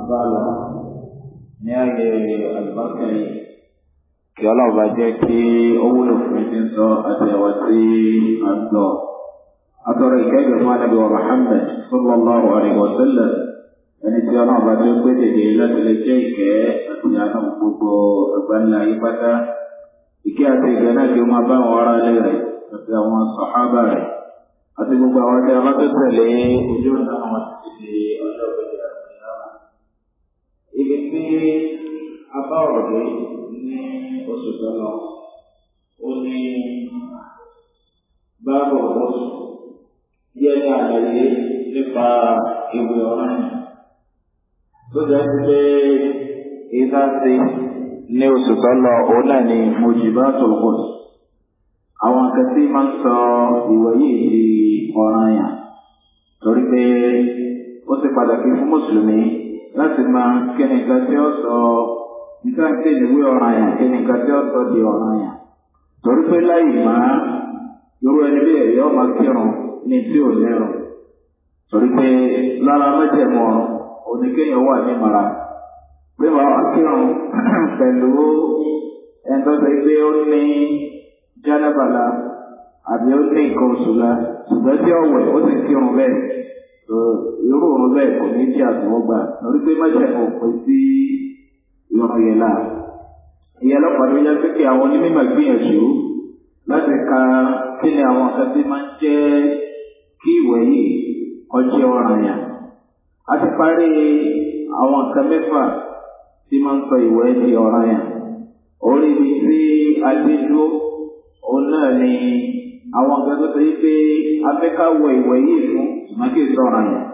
àbálà ní ààyè àlùbákẹ́yìn kí ọlọ́ọ̀bá jẹ́ kí ó wúlò fún ẹni sọ àtẹ̀wọ̀ sí àgbọ̀. Àtọ̀rọ̀ ìkẹ́gbẹ̀ fún Adébí wa Muhammad sallallahu alaihi wa sallam ẹni tí ọlọ́ọ̀bá jẹ́ pé dèdè láti lè jẹ́ ìkẹ́ àti àná gbogbo ẹgbẹ́ńlá yí pátá. Ìkẹ́ àti ìgbẹ́ náà kí ó máa bá àwọn ará ilé rẹ̀ àti àwọn sọ̀hábà rẹ̀ àti gbogbo àwọn tí a tẹ̀lé ojú ọ̀nà àwọn pé a bá ọ̀rọ̀ dé ní oṣù tó ó ní báàbọ̀ bọ́sù díẹ̀ ní nípa ìwé ọ̀ràn yìí tó jẹ́ pé sọ torí pé ó ti pàtàkì fún mùsùlùmí. láti máa kí nǹkan tí ó sọ nígbà tí ìwé ọ̀ràn yàn kí nǹkan tí ó sọ di ọ̀ràn yàn torí pé láì máa irú ẹni bí ẹ̀yọ́ máa kírun ní tí ò lẹ́rùn torí pé lára mẹ́jẹ̀mọ́ oníkéyàn wà ní mara pé wàá kírun pẹ̀lú ẹ̀ńtọ́sẹ̀ pé ó ní jálábàlà àbí ó ní nǹkan oṣù la ṣùgbọ́n tí ọ̀wẹ̀ ó kírun irú òun bẹ́ẹ̀ kò ní kí àtúwọ́gbà lórí pé májèkùn pé sí ìrọ̀rùn yẹn náà ìyẹn lọ́pàá ló yẹ pé àwọn onímọ̀ gbìyànjú láti ka kí ni àwọn kan tí máa ń jẹ́ kí ìwẹ̀ yìí ọjọ́ ọ̀ràn yà á ti parí àwọn kan mẹ́fà tí máa ń sọ ìwẹ̀ di ọ̀ràn yà orí mi tí adé òun náà ni àwọn nǹkan tó ṣe pé afẹ́ká wọ ìwẹ̀ yìí fún ṣùgbọ́n kí èso ọ̀ràn yẹn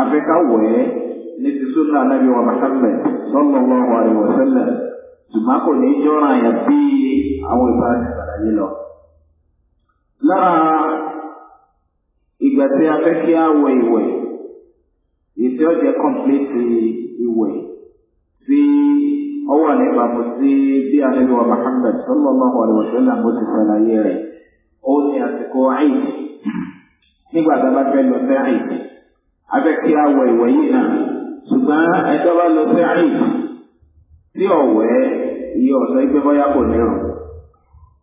afẹ́ká wọ̀ ẹ́ ní ti súnà anábì wa Muhammad sallallahu alaihi wasallam ṣùgbọ́n kò ní í jọ́ràn yẹn bí àwọn ìbá ṣàlàyé lọ. lára ìgbà tí afẹ́kí àwọ ìwẹ̀ ètò ọ̀jẹ̀ kọ̀m̀pléètì ìwẹ̀ tí ọwọ́ àníbàmù sí bí anábì wa Muhammad sallallahu alaihi wasallam bó ti ṣàlàyé rẹ̀. ó ní àsìkò àìsí nígbà tá a bá fẹ́ lọ sí àìsí afẹ́ kí a wọ ìwẹ̀ yìí náà ṣùgbọ́n ẹjọ́ bá lọ sí àìsí tí ọ̀wẹ́ iye ọ̀sẹ̀ gbé bọ́yá kò ní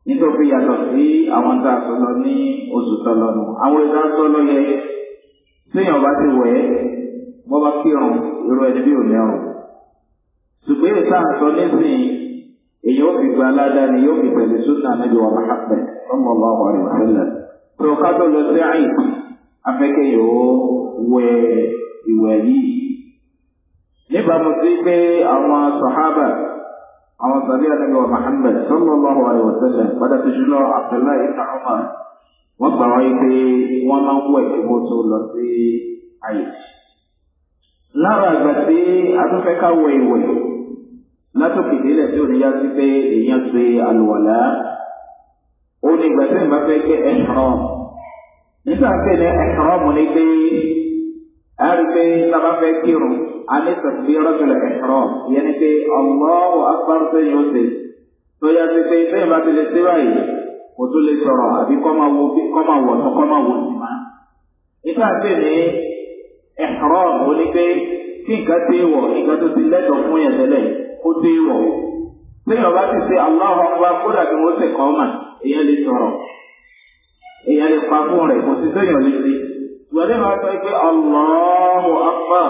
nítorí yàtọ̀ sí àwọn tá a sọ lọ ní oṣù tó lọ nù àwọn ìdá sọ lọ yẹ ti wẹ̀ bọ́ bá irú ẹni bí ò ní ṣùgbọ́n èyí ó fi gba aládàáni yóò fi tẹ̀lé súnà níbi wà Muhammad sallallahu alaihi wasallam tó ká lọ sí àyìn afẹ́kẹ́ yòó wẹ ìwẹ̀ yìí. níbàámu sí pé àwọn àwọn wà padà gbà wáyé pé máa ń tó lọ sí àyè. lára àgbà a ká látòkè délẹ̀ tí ò ní yá sí pé èèyàn ṣe àlùwàlá ó ní ìgbà tí ìgbà fẹ́ gbé ẹ̀hán nígbà tí ní ẹ̀hán mu ní pé a rí pé sábà fẹ́ kírun a ní sọ̀tìbí rọ́jòlẹ̀ ẹ̀hán yẹn ni pé ọlọ́wọ́ akpárùtẹ̀ yóò ṣe tó yá sí pé bẹ́ẹ̀ bá ti lè ṣe báyìí kò tó lè sọ̀rọ̀ àbí kọ́ máa wọ ọ̀tún kọ́ máa wọ ìmá nígbà tí ní ẹ̀hán mu ní pé kí nǹkan ti wọ̀ ó dé wọ̀ bí ọba ti ṣe Allahu Akbar kódà bí wọ́n ṣe kọ́ mà èèyàn lè sọ̀rọ̀ èèyàn lè pa fún rẹ̀ kò sí sẹ́yìn lè ṣe ìwádìí máa sọ pé Allahu Akbar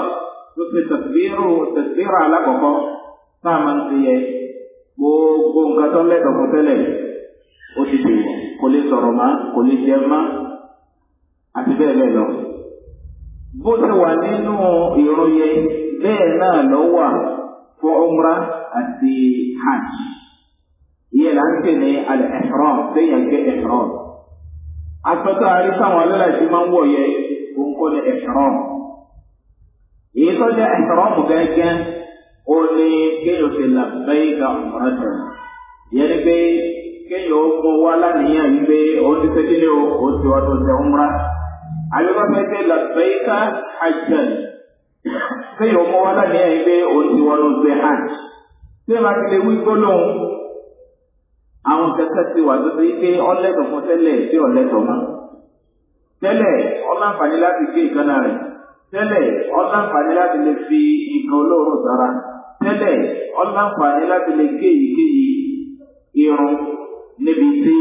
tó ṣe tẹ̀síbírù tẹ̀síbírù alákọ̀ọ́kọ́ tá a máa ń ṣe yẹ gbogbo nǹkan tó ń lẹ́tọ̀ fún tẹ́lẹ̀ ó ti dè wọ̀ kò lè sọ̀rọ̀ má kò lè jẹ má àti bẹ́ẹ̀ bẹ́ẹ̀ lọ bó ti wà nínú ìròyìn bẹ́ẹ̀ náà lọ fún umra àti hajj ìyẹn là ń pè ní alẹ́ ihram sẹ́yìn àgbẹ̀ ihram asọ́tọ̀ àrí sáwọn alálàjì máa ń wọ̀ yẹ òun kọ́ ní ihram èyí tó jẹ́ ihram gẹ́gẹ́ ó ní kéèyàn ti labbaik umratan yẹn ni pé kéèyàn ó mú wá lánìyàn yìí pé òun ti sẹ́kí ó ti wá tó ṣe umra àbí wọ́n fẹ́ ṣe labbaik hajjan kéèyàn ọmọ wa láti ẹ̀yìn pé òun ti wọnú gbé hàn tí ẹ bá ti lè wí gbólóhùn àwọn kẹ̀kẹ́ ti wà tó ti pé ọlẹ́tọ̀ fún tẹ́lẹ̀ tí ọlẹ́tọ̀ mọ́ tẹ́lẹ̀ ọlànfààní láti gé ìkànnà rẹ̀ tẹ́lẹ̀ ọlànfààní láti lè fi nǹkan olóòórùn sára tẹ́lẹ̀ ọlànfààní láti lè gé èyíkéyìí irun níbi tí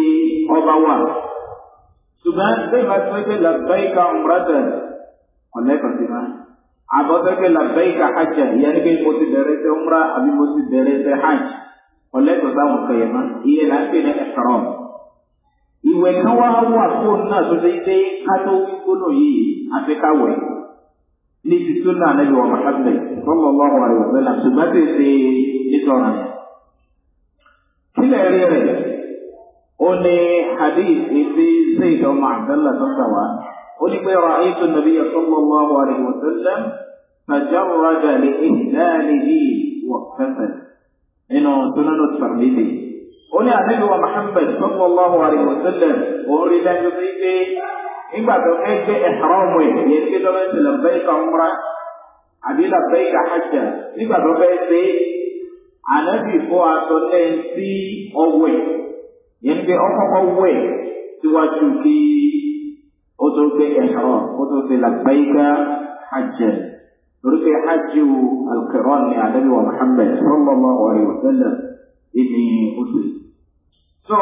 ọba wà ṣùgbọ́n bẹ́ẹ̀ bá ti wọ́n gbé làbáyé ká ọmọ rẹ̀ tẹ̀ ọ̀lẹ́kọ̀ọ́ ti máa àbọ̀fẹ́fẹ́ làbẹ́yìká hajj ìyẹn ní pé mo ti bẹ̀rẹ̀ ṣe umra àbí mo ti bẹ̀rẹ̀ ṣe hajj ọ̀lẹ́gbẹ̀ báwọn kan yẹn mọ́ ìyẹn là ń pè ní ẹ̀kọ́rọ̀. ìwẹ̀ kan wá wà fóun náà tó ṣe dé kátó gbígbóná yìí àfikáwẹ̀ ní ti tún náà lẹ́yìn wọn mahammed sọ́mọ́ wọn wà lọ́wọ́ bẹ́ẹ̀ náà ṣùgbọ́n tó ṣe nítorọ̀ yẹn. kílẹ̀ rí rẹ̀ ó ní hadith ìfi zayd ọmọ abdallah tó ń sàwà ó ní pé ra'aytu nabiyya sallallahu alayhi wa sallam تجرد لإهلال دي واقتفل إنه سنن الترمذي قولي النبي محمد صلى الله عليه وسلم قولي لا يضيفي إما توقيت إحرامه يسكت من لبيك عمره àbí làbẹ́ ìdáhájà nígbà tó fẹ́ ṣe ànábì fọ́ aṣọ lẹ́yìn sí ọwẹ́ yẹn pé ọkọ̀ọ̀kọ̀ wẹ̀ síwájú kí ó torípé hajju alkiran ni anabi wa muhammed sallallahu alayhi wa sallam so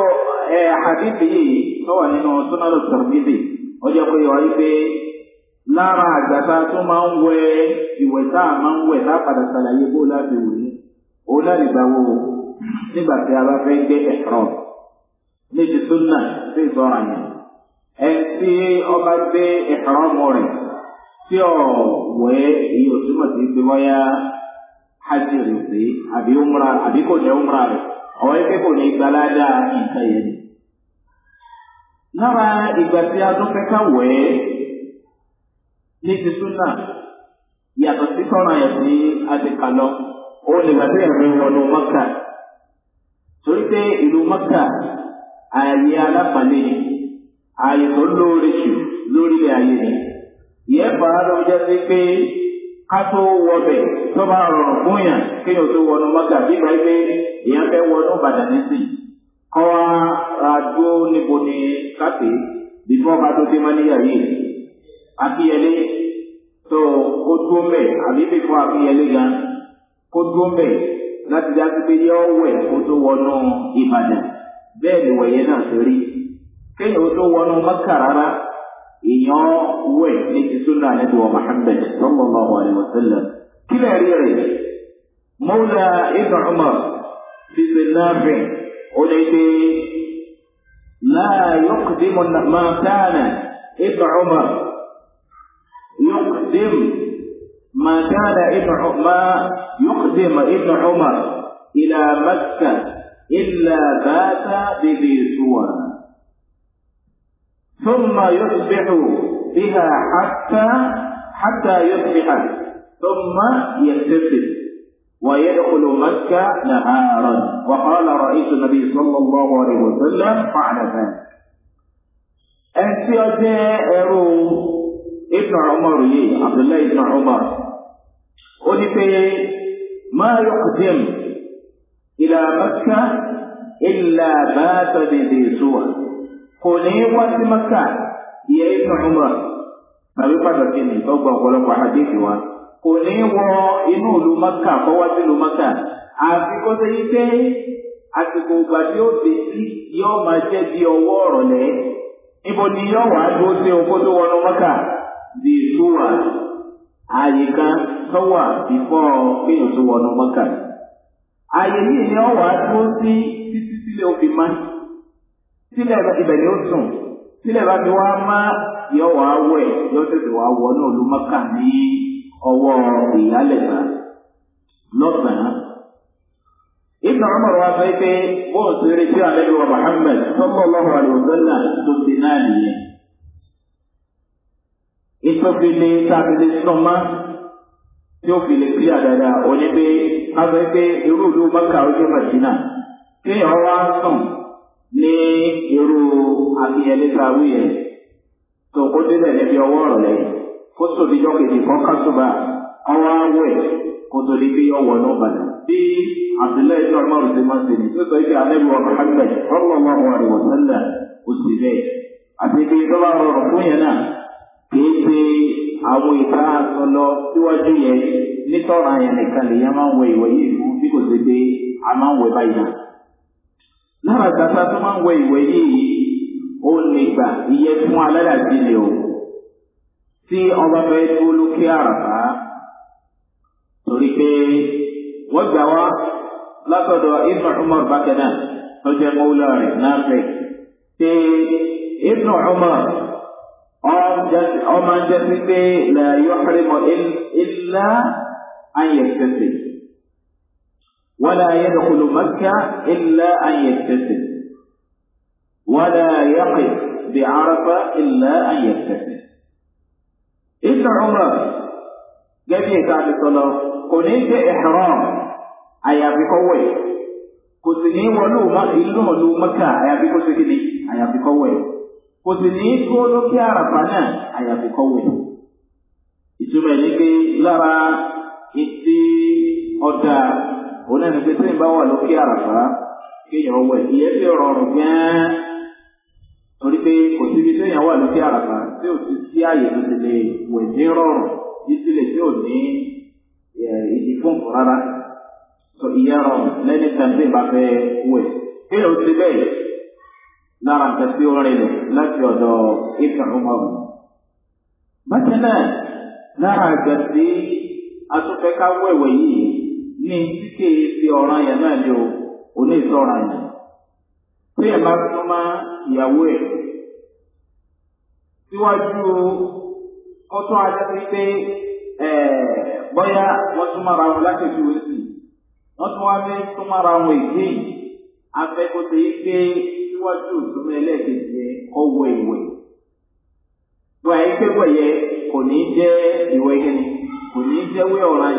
ẹ hadithi yìí sọ̀wọ́ nínú sunan tàbídì ọjọ́ pé wáyé pé lára àgbàtà to ma n wẹ ìwẹ̀ a máa ń wẹ̀ lápàdà sàlàyé bó láti wù ní òun náà nígbà wo nígbà tí a ti sunna tí ọ̀wẹ́ èyí ò túmọ̀ sí pé bọ́yá hajj rẹ̀ sí àbí umra àbí kò jẹ́ umra rẹ̀ ọ̀wẹ́ pé kò ní gbalada nǹkan yẹn. lára ìgbà tí a tún fẹ́ ká wẹ̀ ní ti súnà yàtọ̀ sí tọ́ra yẹn sí adìka lọ ó lè gbà tẹ́yà fún wọnú mọ́kà torí pé ìlú mọ́kà ààyè alápàlẹ́ ààyè tó lóore jù lórílẹ̀ ayé ni ìyẹn fà á lọ́wọ́ jẹ́ sí pé ká tó wọbẹ̀ tó bá rọrùn fún yàn kéèyàn tó wọnú mọ́gà bíbá pé èèyàn fẹ́ wọnú Ìbàdàn nísìn kọ́ wa níbo ni káfí bífọ́ ká tó dé mọ́níyà yìí akíyẹlé tó kó dúró mbẹ̀ àbí bífọ́ akíyẹlé gan kó dúró mbẹ̀ láti dá sí pé yọ wẹ̀ kó tó wọnú Ìbàdàn bẹ́ẹ̀ ni wọ̀nyẹn náà ṣe rí kéèyàn tó wọnú mọ́kà rárá. إيان وين نجي سنة نبوة محمد صلى الله عليه وسلم كلا ريري مولا إبن عمر في النافع قلتي لا يقدم ما كان ابن عمر يقدم ما كان ابن عمر يقدم ابن عمر إلى مكة إلا بات بذي سوره ثم يصبح بها حتى حتى يصبح ثم يغتسل ويدخل مكة نهارا وقال رئيس النبي صلى الله عليه وسلم فعل ذلك أنت ابن عمر عبد الله بن عمر قلت ما يقدم إلى مكة إلا بات بذي سور kò ní wá sí maka ìyẹn ibnu umar tàbí pàtàkì ní ìtọ́gbà ọ̀pọ̀lọpọ̀ àdéhùn wa kò ní wọ inú ìlú maka kọ́wá sí ìlú maka àfi kó ṣe àsìkò ìgbà tí ó dé sí yóò máa jẹ́ di ọwọ́ ọ̀rọ̀lẹ́ níbo ni dúró sí tó wọnú maka di ìtura àyíká wọnú maka àyè yìí ni dúró sí títí sílẹ̀ òfin sílẹ̀ ìbẹ̀lẹ̀ ó sùn sílẹ̀ bá ti wá má yọ wá wẹ̀ yọ tètè wá wọ náà ló mọ́kà ní ọwọ́ ìyálẹ̀gbà lọ́sàn-án. Ibn Umar wa sọ pé bóun ti retí àlejò wa Muhammad sallallahu alaihi wasallam tó ti náà nìyẹn. Ìtòfi ni Sọ́mà tí ó fi lè fi àdàdà òní pé a sọ pé irú ìlú Mọ́kà ojú wá sùn. ní irú àfihàn sáwí yẹn tó kó débẹ̀ níbi ọwọ́ ọ̀rọ̀lẹ́ kó sòdíjọ́ kejì kan kásùbà ọwọ́ awẹ̀ kó tó di pé ọwọ́ náà bàdà bí àtìlẹ́ ìjọ ọmọrù ti máa ń ṣe ní tó sọ pé alẹ́ wọ Muhammad sallallahu alaihi wasallam kò sì bẹ́ẹ̀ àti pé tó bá rọrùn fún yẹn náà kìí ṣe àwọn ìta àtọlọ síwájú yẹn nítorọ̀ àyàn nìkan lèyàn máa ń wẹ ìwẹ̀ yìí fún bí kò ṣe pé a máa ń wẹ báyìí náà lára gbàgbà tó máa ń wẹ ìwẹ̀ yìí ó nígbà ìyẹn fún aládàjìlẹ̀ o tí ọba fẹ́ tó lókè àràbá torí pé wọ́n gbà wá látọ̀dọ̀ ibn umar bákan náà tó jẹ́ mọ́wúlá rẹ̀ náà fẹ́ pé ibn umar ọmọ jẹ́ sí pé la yuhrimu illa an ولا يدخل مكة إلا أن يكتسب ولا يقف بعرفة إلا أن يكتسب إذا عمر جميع ساعة الصلاة كنت إحرام أي بقوة كنتني ولو ما إلا ولو مكة أي بقوة أي بقوة كنتني ولو كعرفنا أي بقوة إذا ní pé إتي ìtì ọ̀dà òun náà ní pé tí ìbá wà lókè àràfá kéèyàn wẹ̀ ìyẹn ti rọrùn gan-an torí pé kò síbi téèyàn wà lókè àràfá tí ò ti sí àyè tó ti lè wẹ̀ ní rọrùn bí sílẹ̀ tí ò ní ìdí fún fún rárá ìyẹn rọrùn lẹ́ni tàbí ìbá fẹ́ wẹ̀ kéèyàn ó ti bẹ́ẹ̀ lára nǹkan tí ó rìn lọ láti ọ̀dọ̀ ìkà lára nǹkan tí a tún fẹ́ ká wẹ̀wẹ̀ yìí ní títí ti ọ̀ràn yẹn náà ni o òní ìsọ̀ràn yẹn tí ẹ̀ bá tún má ìyàwó ẹ̀ síwájú kọ́tún ajá sí pé bọ́yá wọ́n tún mára wọn láti fi wé sí wọ́n tún wá fẹ́ tún mára wọn èdè afẹ́kọ̀tẹ̀ yìí pé síwájú ìdúmọ̀ ẹlẹ́ẹ̀kejì yẹn kọ́ wọ ìwẹ̀ tó àyíkẹ́wẹ̀ kò ní jẹ́ yẹn kò ní ọ̀ràn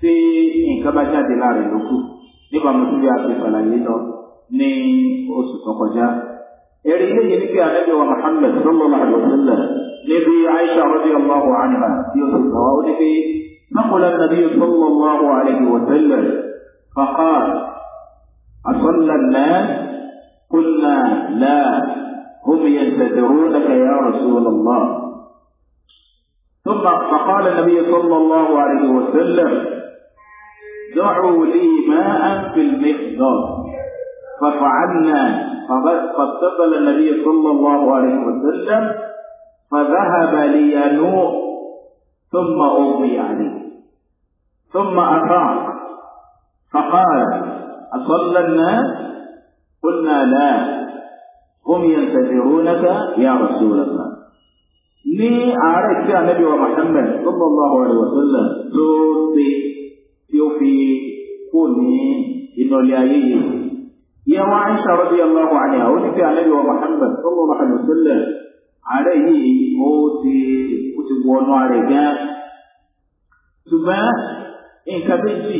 tí nǹkan bá jáde láàrin lókù nípa mo tún bí a fi ṣàlàyé lọ ní oṣù tó kọjá. ẹ̀rí léyìí ní kí ànábì wa Muhammad sallallahu alaihi wa sallam níbi Aisha radiyallahu anha tí ó ti gbọ́ ó ní bí نقل النبي صلى الله عليه وسلم فقال أصلى nà قلنا لا هم ينتظرونك يا رسول الله ثم فقال النبي صلى الله عليه وسلم دعوا لي ماء في المقدار ففعلنا فاتصل النبي صلى الله عليه وسلم فذهب لينوء ثم أغمي عليه ثم أفاق فقال أصلى الناس قلنا لا هم ينتظرونك يا رسول الله لي ààrẹ tí a nẹ́bí صلى الله عليه وسلم tí ó fi kú ní inú ilé ayé yìí. ìyẹn wá ń ṣàròdì ọlọ́wọ́ àlẹ́ àwọn onífẹ́ alẹ́ wa Muhammad sọ́kọ̀ Muhammad sílẹ̀ ààrẹ yìí ó ti ó ti wọ ọ̀nà rẹ̀ gan. ṣùgbọ́n nǹkan méjì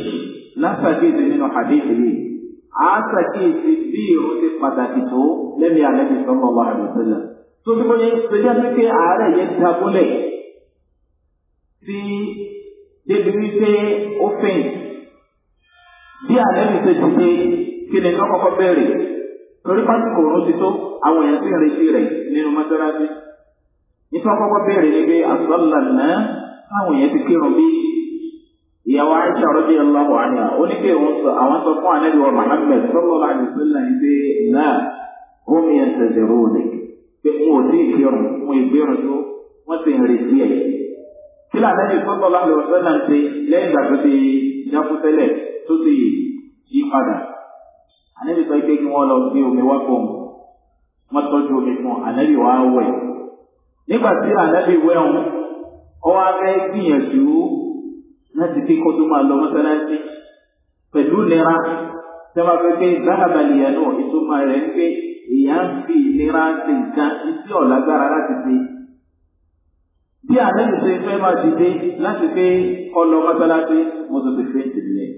lásàkéèsì nínú àdéhùn yìí àásàkéèsì bí ìrún ti pàtàkì tó lẹ́mìí alẹ́ ti Muhammad sílẹ̀ tó ti mọ́ yẹn ṣe jẹ́ pé ààrẹ yẹn dábúlẹ̀ tí débi wípé ó fìn bí àlẹ́bí ṣe ti dé kí ni kọ́kọ́kọ́ bẹ̀rẹ̀ torí pásítọ̀ òun ti tó àwọn èèyàn sì ń retí rẹ̀ nínú mọ́sálásí nípa kọ́kọ́ bẹ̀rẹ̀ ni pé àtúntàlànà táwọn èèyàn ti kírun bí ìyàwó aisha rọ́jì ọlọ́wọ́ àná ó ní pé òun sọ àwọn sọ fún àlẹ́bí wa Muhammad sọ́lọ́ àdìsílẹ̀ ń pé náà ó mi ẹ̀sẹ̀ dẹ̀rọ̀ òde pé wọn ò tí ì kírun wọn ì kí lànà yìí tó tọ́lá lè wọ́n náà ṣe lẹ́yìn ìgbà tó ti dákú tẹ́lẹ̀ tó ti yí padà ànábì sọ pé kí wọ́n lọ gbé omi wá fún un wọ́n tọ́jú omi fún ànábì wá wẹ̀ nígbà tí ànábì wẹ̀ ọ̀hún ọwọ́ abẹ́ gbìyànjú láti kí kó tó máa lọ mọ́sálásí pẹ̀lú nira sábà pé pé záàbàlì yẹn náà ìtumọ̀ rẹ̀ ń pé èèyàn fi ìlera ṣe nǹkan tí ọ̀lágbára láti ṣe bí àlejò ṣe fẹ́ máa dìde láti pé ọlọ mọ́sálásí mo tó ti fi ń tì nìyẹn.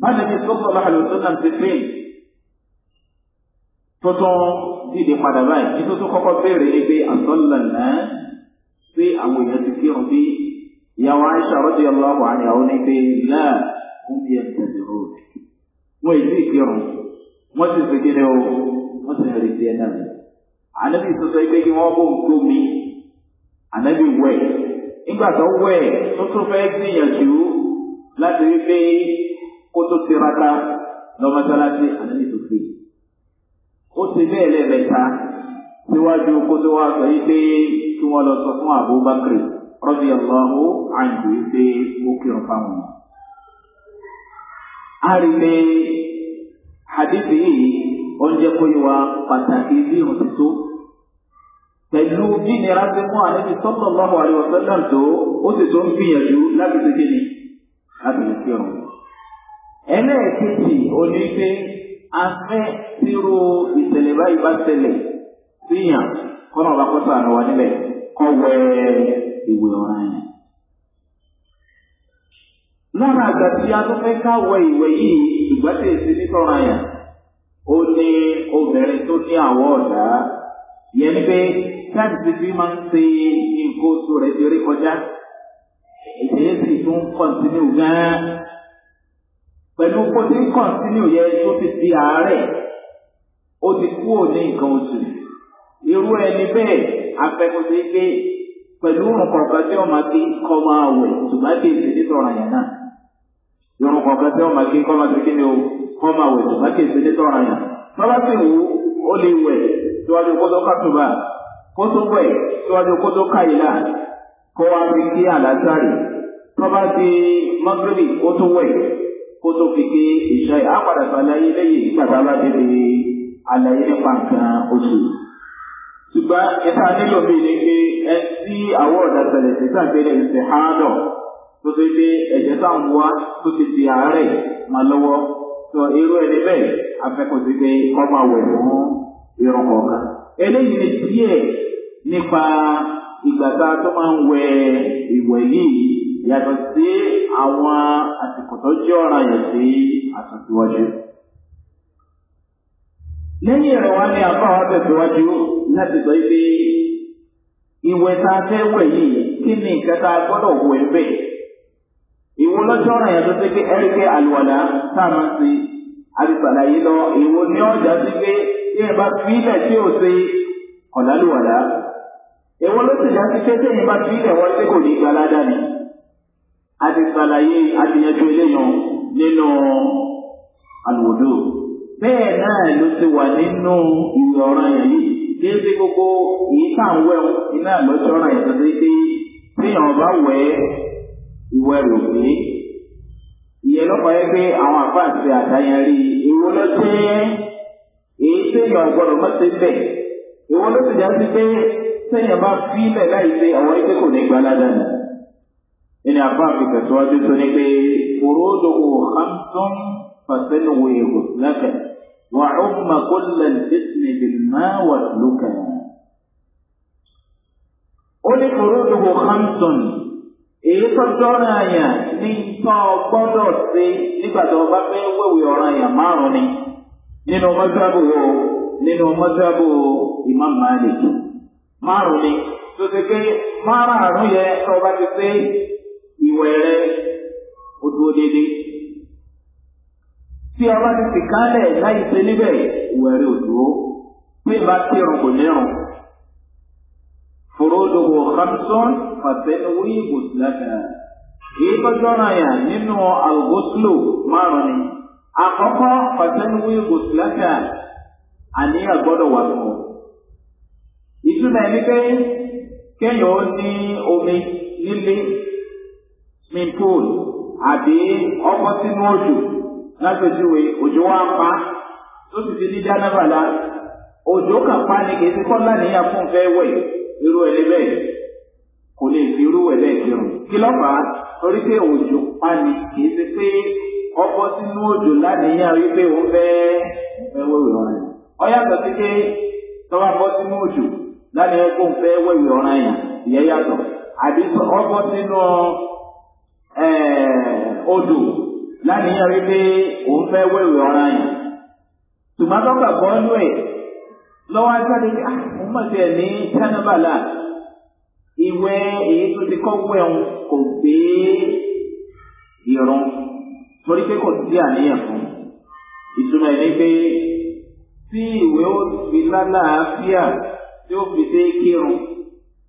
Bádẹ́bí sọ́kọ̀ láàrin tó náà ti fi tuntun dìde padà báyìí ní tuntun kọ́kọ́ béèrè ní pé àtọ́lẹ̀lẹ́ sí àwọn èèyàn ti kírun bí ìyàwó Aisha rọ́jò yẹn lọ́wọ́ àrẹ àwọn ní pé náà ń bí ẹ̀ tẹ̀lé o. Wọ́n èyí sì kírun wọ́n sì fi kéde o wọ́n sì rí ti ẹ̀ náà. Àlejò ànábì wẹ̀ nígbà tó wẹ̀ tó tún fẹ́ gbìyànjú láti rí pé kó tó tiraka lọ́mọdálásí ànábì tó fi. ó ti bẹ́ẹ̀ lẹ́ẹ̀mẹ́ta síwájú kó tó wá sọ yìí pé kí wọ́n lọ sọ fún Abubakar rọ́bì ọlọ́hu àjò yìí pé mo kírun fáwọn. a rí pé hadithi yìí ó kó yẹ wá pàtàkì bí òtítọ́ pẹ̀lú bí nira ti fún àlejò sallallahu alaihi wasallam tó ó sì tó ń gbìyànjú láti ṣe kéde láti lè fi ọ̀run. ẹlẹ́ẹ̀kejì òní pé afẹ́ tírú ìṣẹ̀lẹ̀ báyìí bá ṣẹlẹ̀ síyàn kọ́nà ọba kọ́sà àná wa níbẹ̀ kọ́ wẹ ìwé ọ̀ràn yẹn. lára àgbà tí a tó fẹ́ ká wẹ ìwé yìí ìgbà èsì nítorọ̀ yẹn ó ní obìnrin tó ní àwọ̀ ọ̀dà yẹn pé táàbì tí máa ń ṣe nǹkan oṣù rẹ̀ ti rí kọjá ìṣẹ̀lẹ̀ sì tún kọ̀ǹtínú gan di àárẹ̀ ó ti kú òní nǹkan oṣù irú ẹni bẹ́ẹ̀ afẹ́kọ̀tì pé pẹ̀lú òrùn kọ̀ọ̀kan o kọ́ máa wẹ̀ ṣùgbọ́n kí èsì nítorọ̀ ó tún pẹ̀ síwájú kó tó ká ìlà kó wá fi kí àlásàrì tó bá ti mọ́gírì ó tún wẹ̀ kó tó fi kí ìṣe àpàdà sàlàyé lẹ́yìn ìgbà tá a bá débi àlàyé nípa nǹkan oṣù. ṣùgbọ́n ìta nílò mi ni pé ẹ sí àwọ̀ ọ̀dàtẹ̀lẹ̀ títà gbélé ìṣe háàdọ̀ tó ti pé ẹ̀jẹ̀ táwọn wá tó ti di àárẹ̀ máa lọ́wọ́ sọ irú ẹni bẹ́ẹ̀ afẹ́kọ̀ọ́ ti pé kọ́ máa wẹ̀ fún irun kọ̀ọ̀kan eléyìí ni díẹ̀ nípa ìgbà tá a tó máa ń wẹ ìwẹ̀ yìí yàtọ̀ sí àwọn àsìkò tó jẹ́ ọ̀ràn yẹn sí àtúntìwájú. lẹ́yìn rẹ̀ wá ní apá wa tẹ̀síwájú láti sọ pé ìwẹ̀ tá a fẹ́ wẹ̀ yìí kí ni nǹkan tá a gbọ́dọ̀ wẹ̀ bẹ́ẹ̀. ìwo lọ́jọ́ ọ̀ràn yẹn tó ṣe pé ẹ̀ríkẹ́ àlùwàlà tá a máa ń ṣe àti sàlàyé lọ ìwo ní ọjà sí pé tí ẹ bá fi ilẹ̀ tí ò ṣe ọ̀làlùwàlà èwo ló sì já sí pé tẹ́yìn bá fi ilẹ̀ wọlé kò ní gbalá dání àti ṣàlàyé àtìyànjú eléyàn nínú àlùwòdò bẹ́ẹ̀ náà ló ti wà nínú ìwé ọ̀ràn yẹn yìí déédéé gbogbo èyí tá à ń wẹ̀ iná lọ́jọ́ ọ̀ràn yẹn tó dé pé téèyàn bá wẹ̀ ìwẹ̀ ìyẹn lọ́kọ̀ọ́ yẹ pé àwọn àbá àti àdáyẹn rí ló jẹ́ èyí téèyàn gbọdọ̀ má ṣe bẹ́ẹ̀ ìwọ ló sì já sí pé téèyàn bá fi ilẹ̀ láì ṣe àwọn ẹgbẹ́ kò ní gbalá dànù ẹni àbá àfikẹ́ tó wá dé tó ní pé òróòdò òhàmtún fàṣẹ́nuwò èrò lẹ́kẹ̀ wà ó mà kó lẹ̀ ìsìn ìdìmọ́ wà lókè. ó ní òróòdò òhàmtún èyí tó jọ́ra àyà ní tọ́ gbọ́dọ̀ sí nígbà tó bá fẹ́ wéwèé ọ̀ràn àyà márùn-ún ni nínú mọ́sáàbù wo nínú mọ́sáàbù Imam Malik márùn ni tó ṣe pé márààrún yẹ tó bá ti pé ìwẹ̀ rẹ ó dúró déédéé tí ọba ti sì kálẹ̀ láì ṣe níbẹ̀ ìwẹ̀ rẹ ò dúró pé bá tẹ̀rùn kò nírun fòròdòwò hamson fàtẹ́nuwí bùsùlákà èyí tọ́jú ọ̀ràn yà nínú àlùbọ́sùlò márùn ni àkọ́kọ́ fàtẹ́nuwé gòsìláṣà àníyàn gbọ́dọ̀ wà fún ọ. ìtumọ̀ ẹni pé kéèyàn ó ní omi nílé swimming pool àbí ọkọ̀ sínú òjò lápẹ̀júwe òjò wa pa tó sì ti ní jánábàlá òjò kan pa ni kì í ti kọ́lá níyà fún fẹ́ wẹ̀ irú ẹ̀ lébẹ̀ kò lè fi irú ẹ̀ bẹ́ẹ̀ kírun kí lọ́pàá torí pé òjò pa ni kì í ti pé. ọkọ sínú òjò lánìyàn wípé òun fẹ́ ofe ọ̀ràn yẹn ọyàtọ̀ sí pé tọ́wọ́ bọ́ sínú òjò lánìyàn kó ń fẹ́ wẹ̀wẹ̀ ya yẹn ìyẹn àbí ọkọ sínú odò lánìyàn wípé òun fẹ́ ofe pé àwọn ah, mọ̀tì ẹ̀ ní tẹ́nubàlà torí pé kò sí àníyàn fún ìtumọ̀ ẹ̀ ní pé tí ìwé ó fi lálàáfíà tí ó fi dé kírun